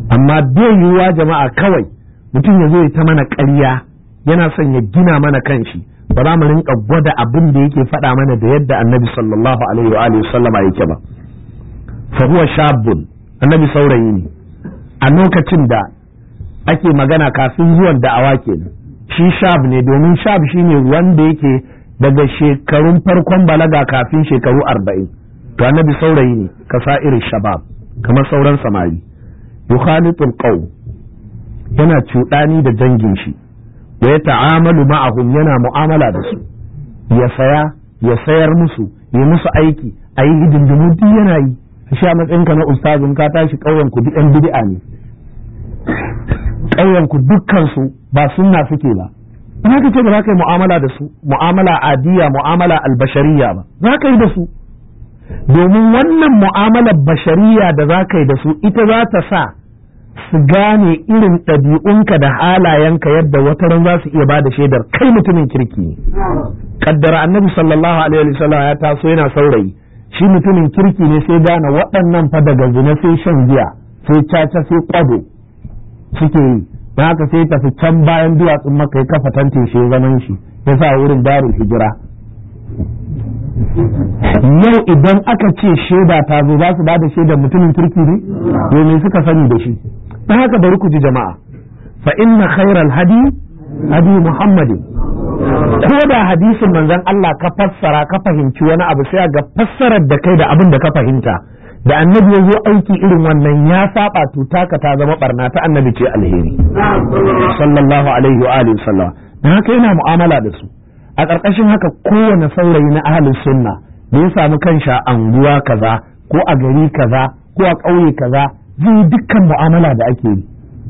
amma bai yiwuwa jama'a kawai mutum ya zo ya ta mana ƙarya yana son ya gina mana kan shi. ba za mu rinka gwada abin da yake faɗa mana da yadda annabi sallallahu alaihi wa alihi sallama yake ba fa huwa shabun annabi saurayi ne a lokacin da ake magana kafin zuwan da'awa kenan shi shab ne domin shab shine wanda yake daga shekarun farkon balaga kafin shekaru arba'in to annabi saurayi ne ka sa irin shabab kamar sauran samari yukhalitul qaum yana cuɗani da dangin shi wa ya ta'amalu ma'ahum yana mu'amala da su ya saya ya sayar musu ya musu aiki a yi hidindimu duk yana yi sha matsayinka na ustazin ka tashi ƙauyen ku duk yan bid'a ne ƙauyen ku dukkan su ba sunna suke ba in haka ce ba za ka yi mu'amala da su mu'amala adiya mu'amala albashariya ba za ka yi da su domin wannan mu'amalar bashariya da za ka yi da su ita za ta sa su gane irin ɗabi'unka da halayenka yadda wata ran za su iya ba da shaidar kai mutumin kirki kaddara annabi sallallahu alaihi wa sallam ya taso yana saurayi shi mutumin kirki ne sai gane waɗannan fa daga zina sai shan giya sai caca sai kwado suke yi don haka sai tafi can bayan duwatsun maka ya kafa tantance shi zaman shi ya sa wurin darul hijira yau idan aka ce shaida ta zo za su ba da shaidar mutumin turki ne domin suka sani da shi ta haka bari ku ji jama'a fa inna khairal hadi hadi muhammadi ko da hadisin manzon Allah ka fassara ka fahimci wani abu sai ga fassarar da kai da abin da ka fahimta da annabi ya zo aiki irin wannan ya saba to taka ta zama barna ta annabi ce alheri sallallahu alaihi wa alihi sallam dan haka yana mu'amala da su a ƙarƙashin haka kowane saurayi na ahalin sunna da ya samu kansha a anguwa kaza ko a gari kaza ko a ƙauye kaza zai yi dukkan mu'amala da ake yi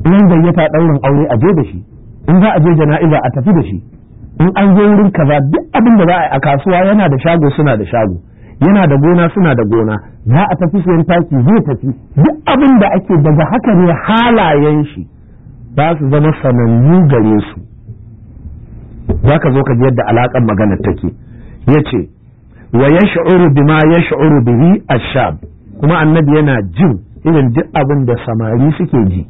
in gayyata ɗaurin aure a je da shi in za a je jana'iza a tafi da shi in an zo wurin kaza duk abin da za a yi a kasuwa yana da shago suna da shago yana da gona suna da gona za a tafi siyan taki zai tafi duk abin da ake daga haka ne halayen shi za su zama sanannu gare su za ka zo ka ji yadda alaƙar maganar take ya ce wa ya sha'uru ma ya sha'uru bihi ashab kuma annabi yana jin irin duk abin da samari suke ji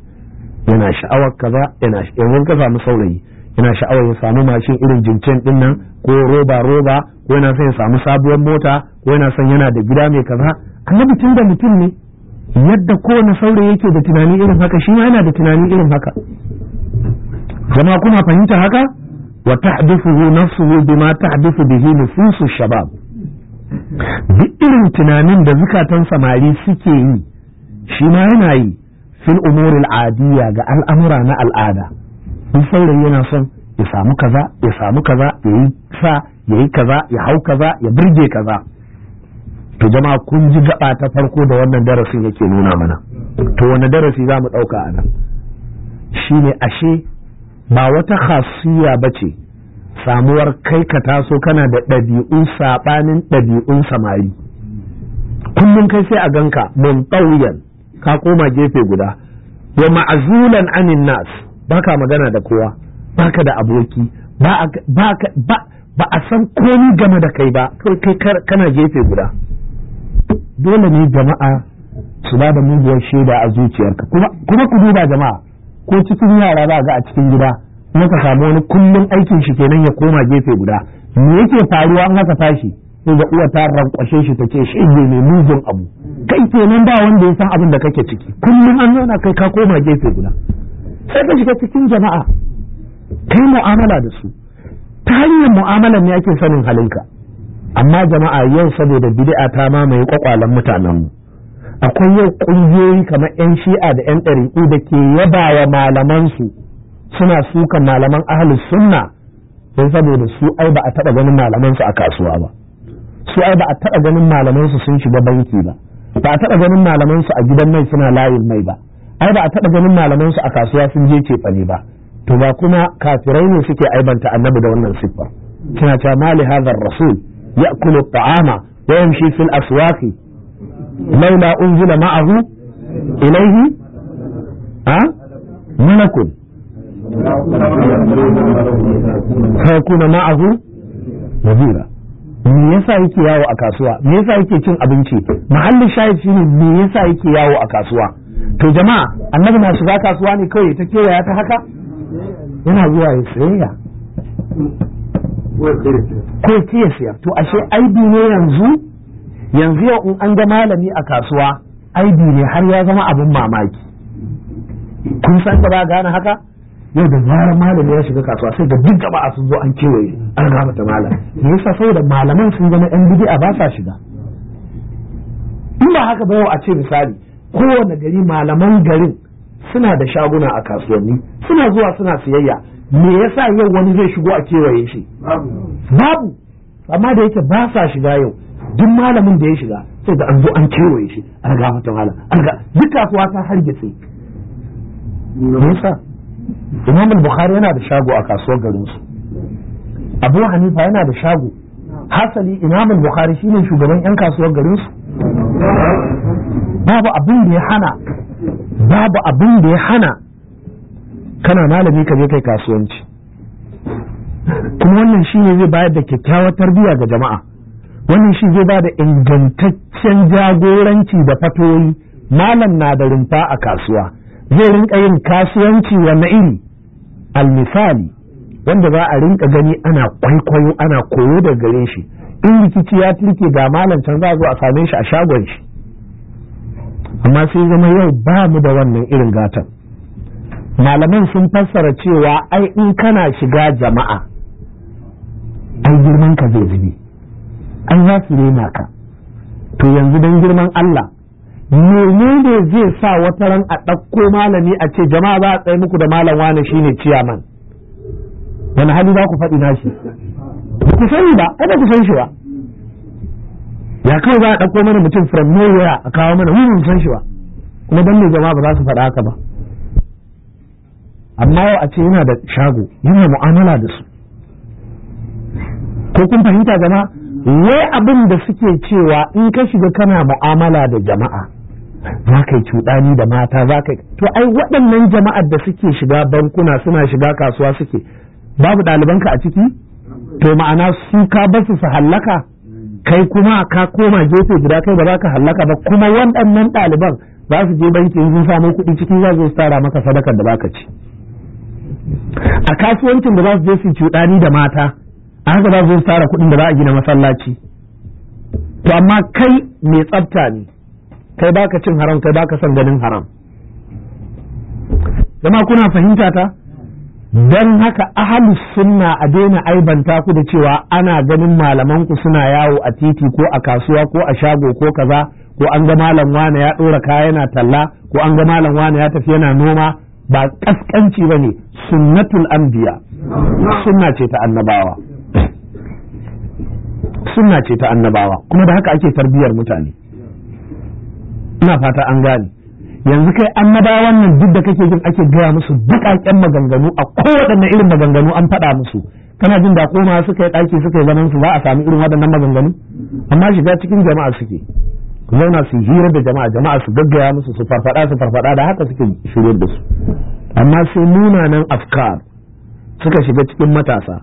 yana sha'awar kaza yana yanzu ka samu saurayi yana sha'awar ya samu mashin irin jincin din nan ko roba roba ko yana son ya samu sabuwar mota ko yana son yana da gida mai kaza annabi tun da mutum ne yadda kowane saurayi yake da tunani irin haka shi ma yana da tunani irin haka Zama kuna fahimta haka wa tahdifuhu nafsuhu bima tahdifu bihi nufusu shabab duk irin tunanin da zukatan samari suke yi shi ma yana yi fil umuril adiya ga al'amura na al'ada in saurayi yana son ya samu kaza ya samu kaza ya yi sa ya yi kaza ya hau kaza ya birge kaza to jama'a kun ji gaba ta farko da wannan darasin yake nuna mana to wani darasi za mu ɗauka a nan shine ashe ba wata khasiyya ba ce samuwar kai ka taso kana da ɗabi'un saɓanin ɗabi'un samari kullum kai sai a ganka mun muntawiyan ka koma gefe guda wa ma'azulan anin nas ka magana da kowa ba ka da aboki ba a san komi game da kai ba kai kana gefe guda dole ne jama'a su ba da muguwar shaida a zuciyarka kuma ku duba jama'a ko cikin yara ba ga a cikin gida muka samu wani kullum aikin shi kenan ya koma gefe guda me yake faruwa an haka tashi sai ga uwa ta rankwashe shi ta ce ne mai mugun abu kai kenan ba wanda ya san abin da kake ciki kullum an zauna kai ka koma gefe guda sai ka shiga cikin jama'a kai mu'amala da su ta hanyar mu'amalar ne ake sanin halinka amma jama'a yau saboda bid'a ta mamaye kwakwalen mu akwai yau ƙungiyoyi kamar 'yan shi'a da 'yan ɗariƙu da ke yaba wa malamansu suna suka malaman ahalus sunna don saboda su ai ba a taɓa ganin malamansu a kasuwa ba su ai ba a taɓa ganin malamansu sun shiga banki ba ba a taɓa ganin malamansu a gidan mai suna layin mai ba ai ba a taɓa ganin malamansu a kasuwa sun je cefane ba to ba kuma kafirai ne suke aibanta annabi da wannan siffar kina cewa mali hadar rasul Kulu, ta'ama wa yamshi fil aswaqi laula unzila ma'ahu ilaihi a malakun فيكون معه نذيرا me yasa yake yawo a kasuwa me yasa yake cin abinci mahallin shahid shine me yasa yake yawo a kasuwa to jama'a annabi na shiga kasuwa ne kawai ta kewaya ta haka yana zuwa ya tsayayya ko ya siya to ashe aibi ne yanzu yanzu yau in an ga malami a kasuwa aibi ne har ya zama abin mamaki kun san ba gane haka yau da zarar malami ya shiga kasuwa sai da duk jama'a sun zo an kewaye an gama ta malami me yasa saboda malaman sun zama yan bidi'a ba sa shiga Ina haka ba yau a ce misali kowane gari malaman garin suna da shaguna a kasuwanni suna zuwa suna siyayya me yasa yau wani zai shigo a kewaye shi babu amma da yake ba sa shiga yau duk malamin da ya shiga sai da an zo an kewaye shi an ga mata malam an ga duk kasuwa ta hargitse nisa imam bukhari yana da shago a kasuwar garin su abu hanifa yana da shago hasali imam bukhari shine shugaban yan kasuwar garin su babu abin da ya hana babu abin da ya hana kana malami ka je kai kasuwanci kuma wannan shine zai bayar da kyakkyawar tarbiyya ga jama'a wannan shi zai ba da ingantaccen jagoranci da fatoyi malam na da rumfa a kasuwa zai rinka yin kasuwanci wanne iri almisali wanda za a rinka gani ana kwaikwayo ana koyo da gare shi in rikici ya turke ga malam can za a zo a same shi a shagon shi amma sai zama yau ba mu da wannan irin gatan malaman sun fassara cewa ai in kana shiga jama'a ai girman ka zai zubi An za su nema ka to yanzu don girman Allah menene zai sa wata ran a ɗauko malami a ce jama'a za a tsaye muku da malam wane shine ciyaman wani hali za ku faɗi nashi ku sani ba kada ku san shi ba ya kawai za a ɗauko mana mutum from nowhere a kawo mana mu san shi ba kuma dan ne jama'a ba za su faɗa haka ba amma yau a ce yana da shago yana mu'amala da su ko kun fahimta jama'a wai abin da suke cewa in ka shiga kana mu'amala da jama'a za ka yi cuɗani da mata za ka to ai waɗannan jama'ar da suke shiga bankuna suna shiga kasuwa suke babu ɗalibanka a ciki to ma'ana su ka basu su hallaka kai kuma ka koma gefe guda kai ba za ka hallaka ba kuma waɗannan ɗaliban za su je banki sun samu kuɗi ciki za su tara maka sadakar da baka ci a kasuwancin da za su je su cuɗani da mata a haka za su tara kuɗin da za a gina masallaci to amma kai mai tsafta ne kai baka cin haram kai baka son ganin haram zama kuna fahimta ta don haka ahalu sunna a daina aibanta ku da cewa ana ganin malaman ku suna yawo a titi ko a kasuwa ko a shago ko kaza ko an ga malam wane ya ɗora kaya yana talla ko an ga malam wane ya tafi yana noma ba kaskanci ba ne sunnatul anbiya sunna ce ta annabawa sunna ce ta annabawa kuma da haka ake tarbiyar mutane ina fata an gane yanzu kai annabawan nan duk da kake jin ake gaya musu duk buƙaƙen maganganu a kowaɗanne irin maganganu an faɗa musu kana jin da koma suka yi ɗaki suka yi zaman su za a sami irin waɗannan maganganu amma shiga cikin jama'a suke zauna su hira da jama'a jama'a su gaggaya musu su farfada su farfada da haka suke shirye da su amma sai munanan afkar suka shiga cikin matasa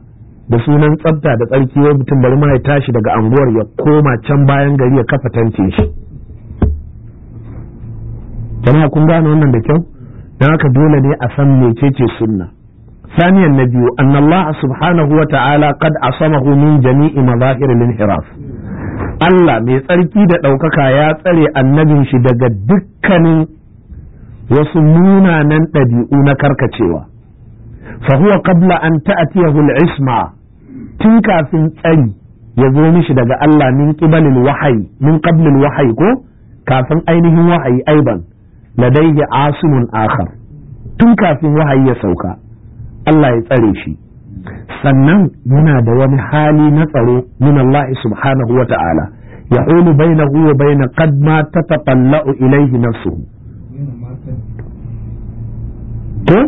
da sunan tsafta da tsarki wai mutum bari ma ya tashi daga anguwar ya koma can bayan gari ya kafa tante shi jama'a kun gane wannan da kyau don haka dole ne a san mecece sunna ثانيا النبي أن الله سبحانه وتعالى قد عصمه jami'i جميع مظاهر الانحراف Allah mai tsarki da ɗaukaka ya tsare annabin shi daga dukkanin wasu munanan ɗabi'u na karkacewa. Fahuwa kabla an ta'atiyahu isma tun kafin tsari ya zo mishi daga Allah min qibalil wahayi min qablil wahayi ko kafin ainihin wahayi aiban ladayhi asimun akhar tun kafin wahayi ya sauka Allah ya tsare shi sannan yana da wani hali na tsaro min Allah subhanahu wa ta'ala yahulu bainahu wa bain qad ma tatatalla'u ilayhi nafsuhu to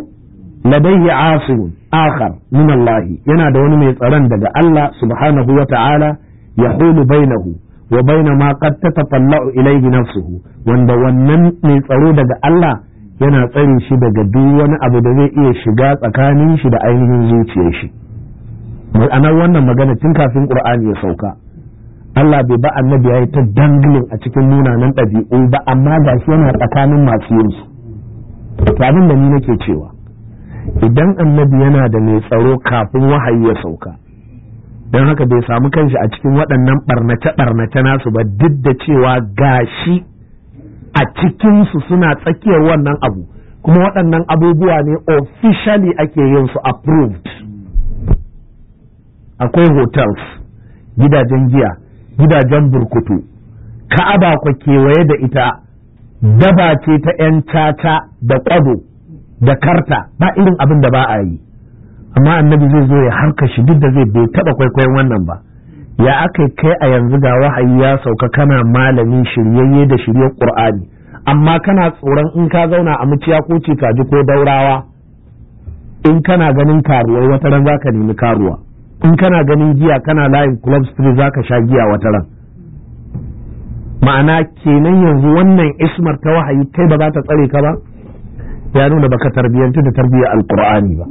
ladayhi asimun akhar min Allah yana da wani mai tsaron daga Allah subhanahu wa ta'ala yahulu bainahu wa baina ma qad tatafallu ilayhi nafsuhu wanda wannan mai tsaro daga Allah yana tsari shi daga duk wani abu da zai iya shiga tsakanin shi da ainihin zuciyar shi ma'anar wannan magana tun kafin qur'ani ya sauka Allah bai ba annabi yayi ta dangilin a cikin munanan ɗabi'u ba amma ga yana tsakanin masu yin su abin da ni nake cewa idan annabi yana da mai tsaro kafin wahayi ya sauka don haka bai samu kanshi a cikin waɗannan ɓarnace-ɓarnace nasu ba duk da cewa gashi a cikinsu suna tsakiyar wannan abu kuma waɗannan abubuwa ne officially ake yin su approved akwai hotels gidajen giya gidajen burkutu ka'aba kwa kewaye da ita daba ce ta 'yan caca da ƙwado da karta ba irin abin da ba a yi amma annabi zai zo ya harka shi duk da zai bai taba kwaikwayon wannan ba ya aka kai a yanzu ga wahayi ya sauka kana malami shiryayye da shiryar qur'ani amma kana tsoron in ka zauna a muciya ko kaji ko daurawa in kana ganin karuwa wata ran zaka nemi karuwa in kana ganin giya kana layin club street zaka sha giya wata ran ma'ana kenan yanzu wannan ismar ta wahayi kai ba za ta tsare ka ba ya nuna baka tarbiyyantu da tarbiyyar alkur'ani ba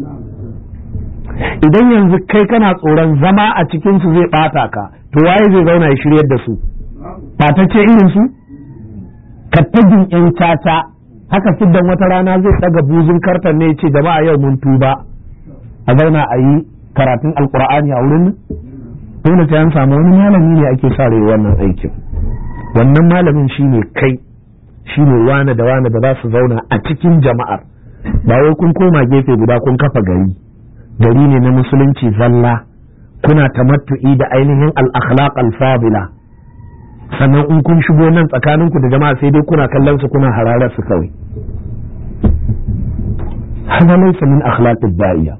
idan yanzu kai kana tsoron zama a cikin su zai ɓata ka to waye zai zauna ya shiryar da su batacce irin su kattagin yan caca haka fiddan wata rana zai daga buzun kartan ne ce jama'a yau mun tuba a zauna a yi karatun alkur'ani a wurin dole ta yan samu wani malami ne ake sa rai wannan aikin wannan malamin shine kai Shi ne wane da wane da za su zauna a cikin jama'ar ba wai kun koma gefe guda kun kafa gari gari ne na musulunci zalla kuna ta tamattu'i da ainihin al-akhlaq sannan in kun shigo nan tsakaninku da jama'a sai dai kuna kallon su kuna hararar su kawai hada laysa min akhlaqid da'iya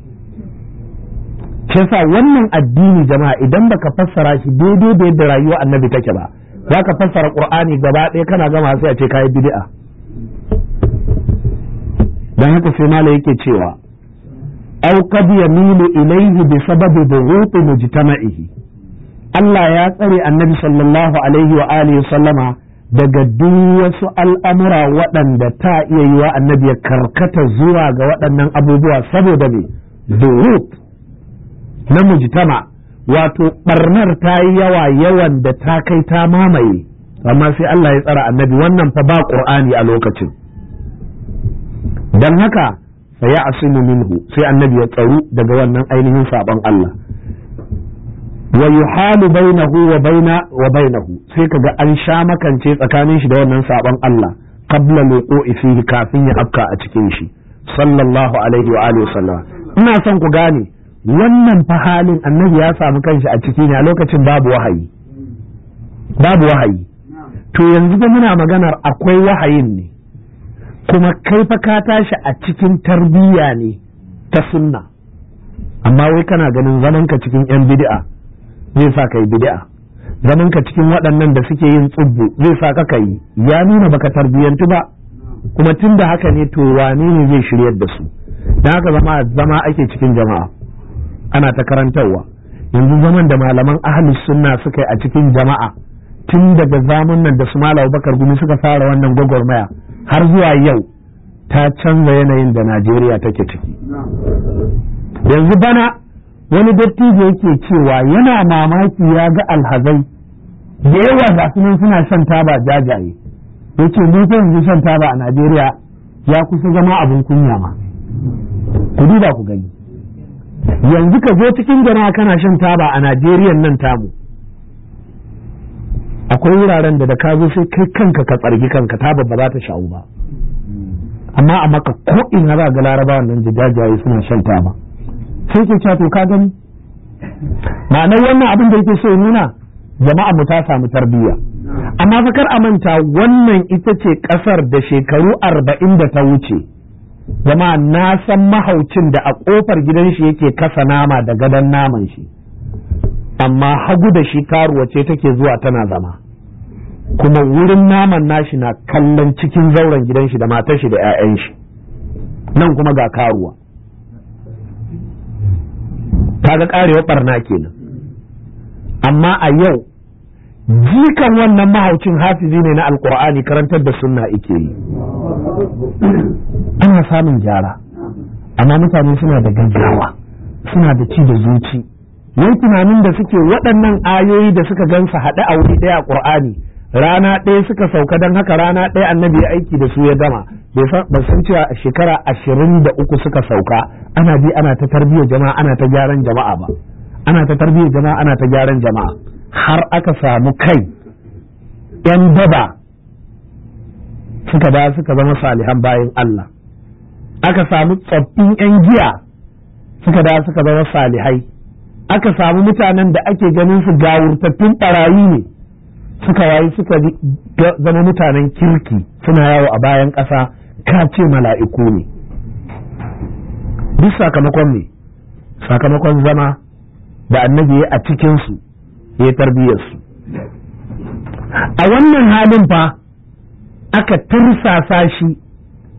ke sa wannan addini jama'a idan baka fassara shi daidai da yadda rayuwar annabi take ba za ka fassara qur'ani gaba ɗaya kana gama sai a ce kayi bid'a dan haka sai mala yake cewa aw qad yamilu ilayhi bi sababi dhuruti mujtama'ihi Allah ya tsare annabi sallallahu alaihi wa alihi sallama daga duk wasu al'amura waɗanda ta iya yi wa annabi ya karkata zuwa ga waɗannan abubuwa saboda me durut na mujtama' wato barnar ta yi yawa yawan da ta kai ta mamaye amma sai Allah ya tsara annabi wannan fa ba qur'ani a lokacin dan haka fa ya asimu minhu sai annabi ya tsaru daga wannan ainihin saban Allah wa yuhalu bainahu wa baina wa bainahu sai kaga an sha makance tsakanin shi da wannan saban Allah qabla luqu'i fihi kafin ya afka a cikin shi sallallahu alaihi wa alihi wasallam ina son ku gane wannan fa halin annabi ya samu kanshi a ciki ne a lokacin babu wahayi babu wahayi to yanzu da muna maganar akwai wahayin ne kuma kai fa ka tashi a cikin tarbiyya ne ta sunna amma wai kana ganin ka cikin yan bid'a zai sa kai bid'a zamanka cikin waɗannan da suke yin tsubbu zai sa ka yi? ya nuna baka tarbiyyantu ba kuma tun da haka ne to wane ne zai shiryar da su da haka zama zama ake cikin jama'a ana ta karantarwa yanzu zaman da malaman ahli sunna suka yi a cikin jama'a tun daga zaman nan da su malau bakar gumi suka fara wannan gwagwarmaya har zuwa yau ta canza yanayin da najeriya take ciki yanzu bana wani dattijo yake cewa yana mamaki ya ga alhazai da yawa ga su suna shan taba jajaye yake mu fa yanzu shan taba a najeriya ya kusa zama abin kunya ma ku duba ku gani yanzu ka zo cikin jama'a kana shan taba a Najeriya nan tamu akwai wuraren da da ka zo sai kai kanka ka tsargi kanka taba ba za ta sha'u ba amma a maka ko ina za ga laraba nan jajaye suna shan taba sai ke cewa ka gani ma'anar wannan abin da yake so nuna jama'a mu ta samu tarbiyya amma fa kar a manta wannan ita ce kasar da shekaru arba'in da ta wuce Zama na san mahaucin da a ƙofar gidan shi yake kasa nama da gadon naman shi amma hagu da shi karuwa ce take zuwa tana zama kuma wurin naman nashi na kallon cikin zauren gidan shi da matar shi da 'ya'yan shi nan kuma ga karuwa kaga karewa barna kenan amma a yau jikan wannan mahaucin hafizi ne na alkur'ani karantar da sunna ike yi samun gyara amma mutane suna da gaggawa suna da ci da zuci mai tunanin da suke waɗannan ayoyi da suka gansa haɗe a wuri ɗaya a ƙur'ani rana ɗaya suka sauka don haka rana ɗaya annabi ya aiki da su ya gama ba san cewa shekara ashirin da uku suka sauka ana bi ana ta tarbiyyar jama'a ana ta gyaran jama'a ba ana ta tarbiyyar jama'a ana ta gyaran jama'a har aka samu kai yan daba suka ba suka zama salihan bayan Allah aka samu tsaffin 'yan giya suka da suka zama salihai aka samu mutanen da ake ganin su gawurtattun ɓarayi ne suka wayi suka zama mutanen kirki suna yawo a bayan ƙasa ka ce mala'iku ne duk sakamakon ne sakamakon zama da annabi ya a cikinsu ya tarbiyyarsu a wannan halin fa aka tursasa shi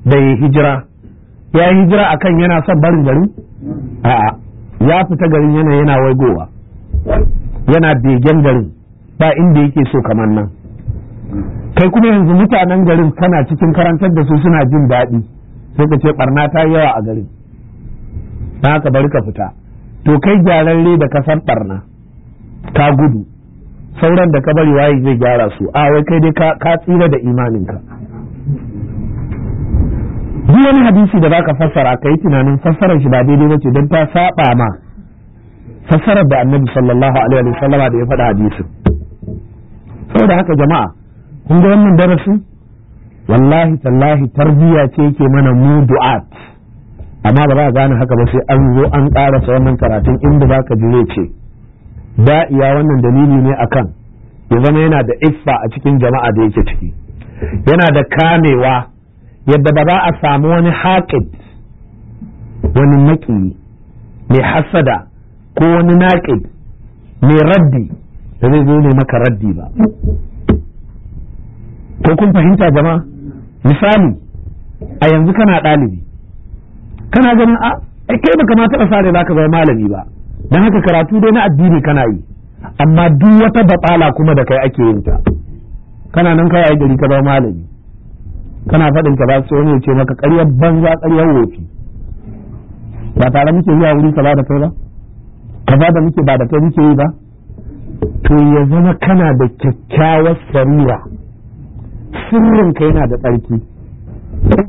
da ya hijira ya yi hijira kan yana son barin garin a'a ya fita garin yana yana waigowa yana begen garin ba inda yake so kamar nan kai kuma yanzu mutanen garin kana cikin karantar da su suna jin daɗi sai ka ce barna ta yawa a garin na ka bari ka fita to kai gyararre da ka ɓarna. barna ka gudu sauran da ka bari waye zai gyara su a wai kai dai ka tsira da imaninka duk wani hadisi da baka fassara ka yi tunanin fassarar shi ba daidai ba ce don ta saba ma fassarar da annabi sallallahu alaihi wa sallam da ya faɗa hadisi. saboda haka jama'a kun ga wannan darasin wallahi tallahi tarbiyya ce yake mana mu du'at amma ba za gane haka ba sai an zo an karasa wannan karatun inda baka jure ce da'iya wannan dalili ne akan ya zama yana da iffa a cikin jama'a da yake ciki yana da kamewa yadda ba a samu wani haƙid wani maki mai hasada ko wani naƙid mai raddi da zai zo ne maka raddi ba ko kun fahimta jama'a misali a yanzu kana ɗalibi kana ganin a ah, kai baka ma taɓa sare da za ka zama malami ba don haka karatu dai na addini kana yi amma duk wata batsala kuma da kai ake yin ta kana nan kai ai gari ka zama malami kana faɗin ka ba su yi ce maka ƙaryar banza ƙaryar wofi ba tare muke yi a wuri ka ba da kai ba ka ba da muke ba da kai muke yi ba to ya zama kana da kyakkyawar sarira sirrin ka yana da tsarki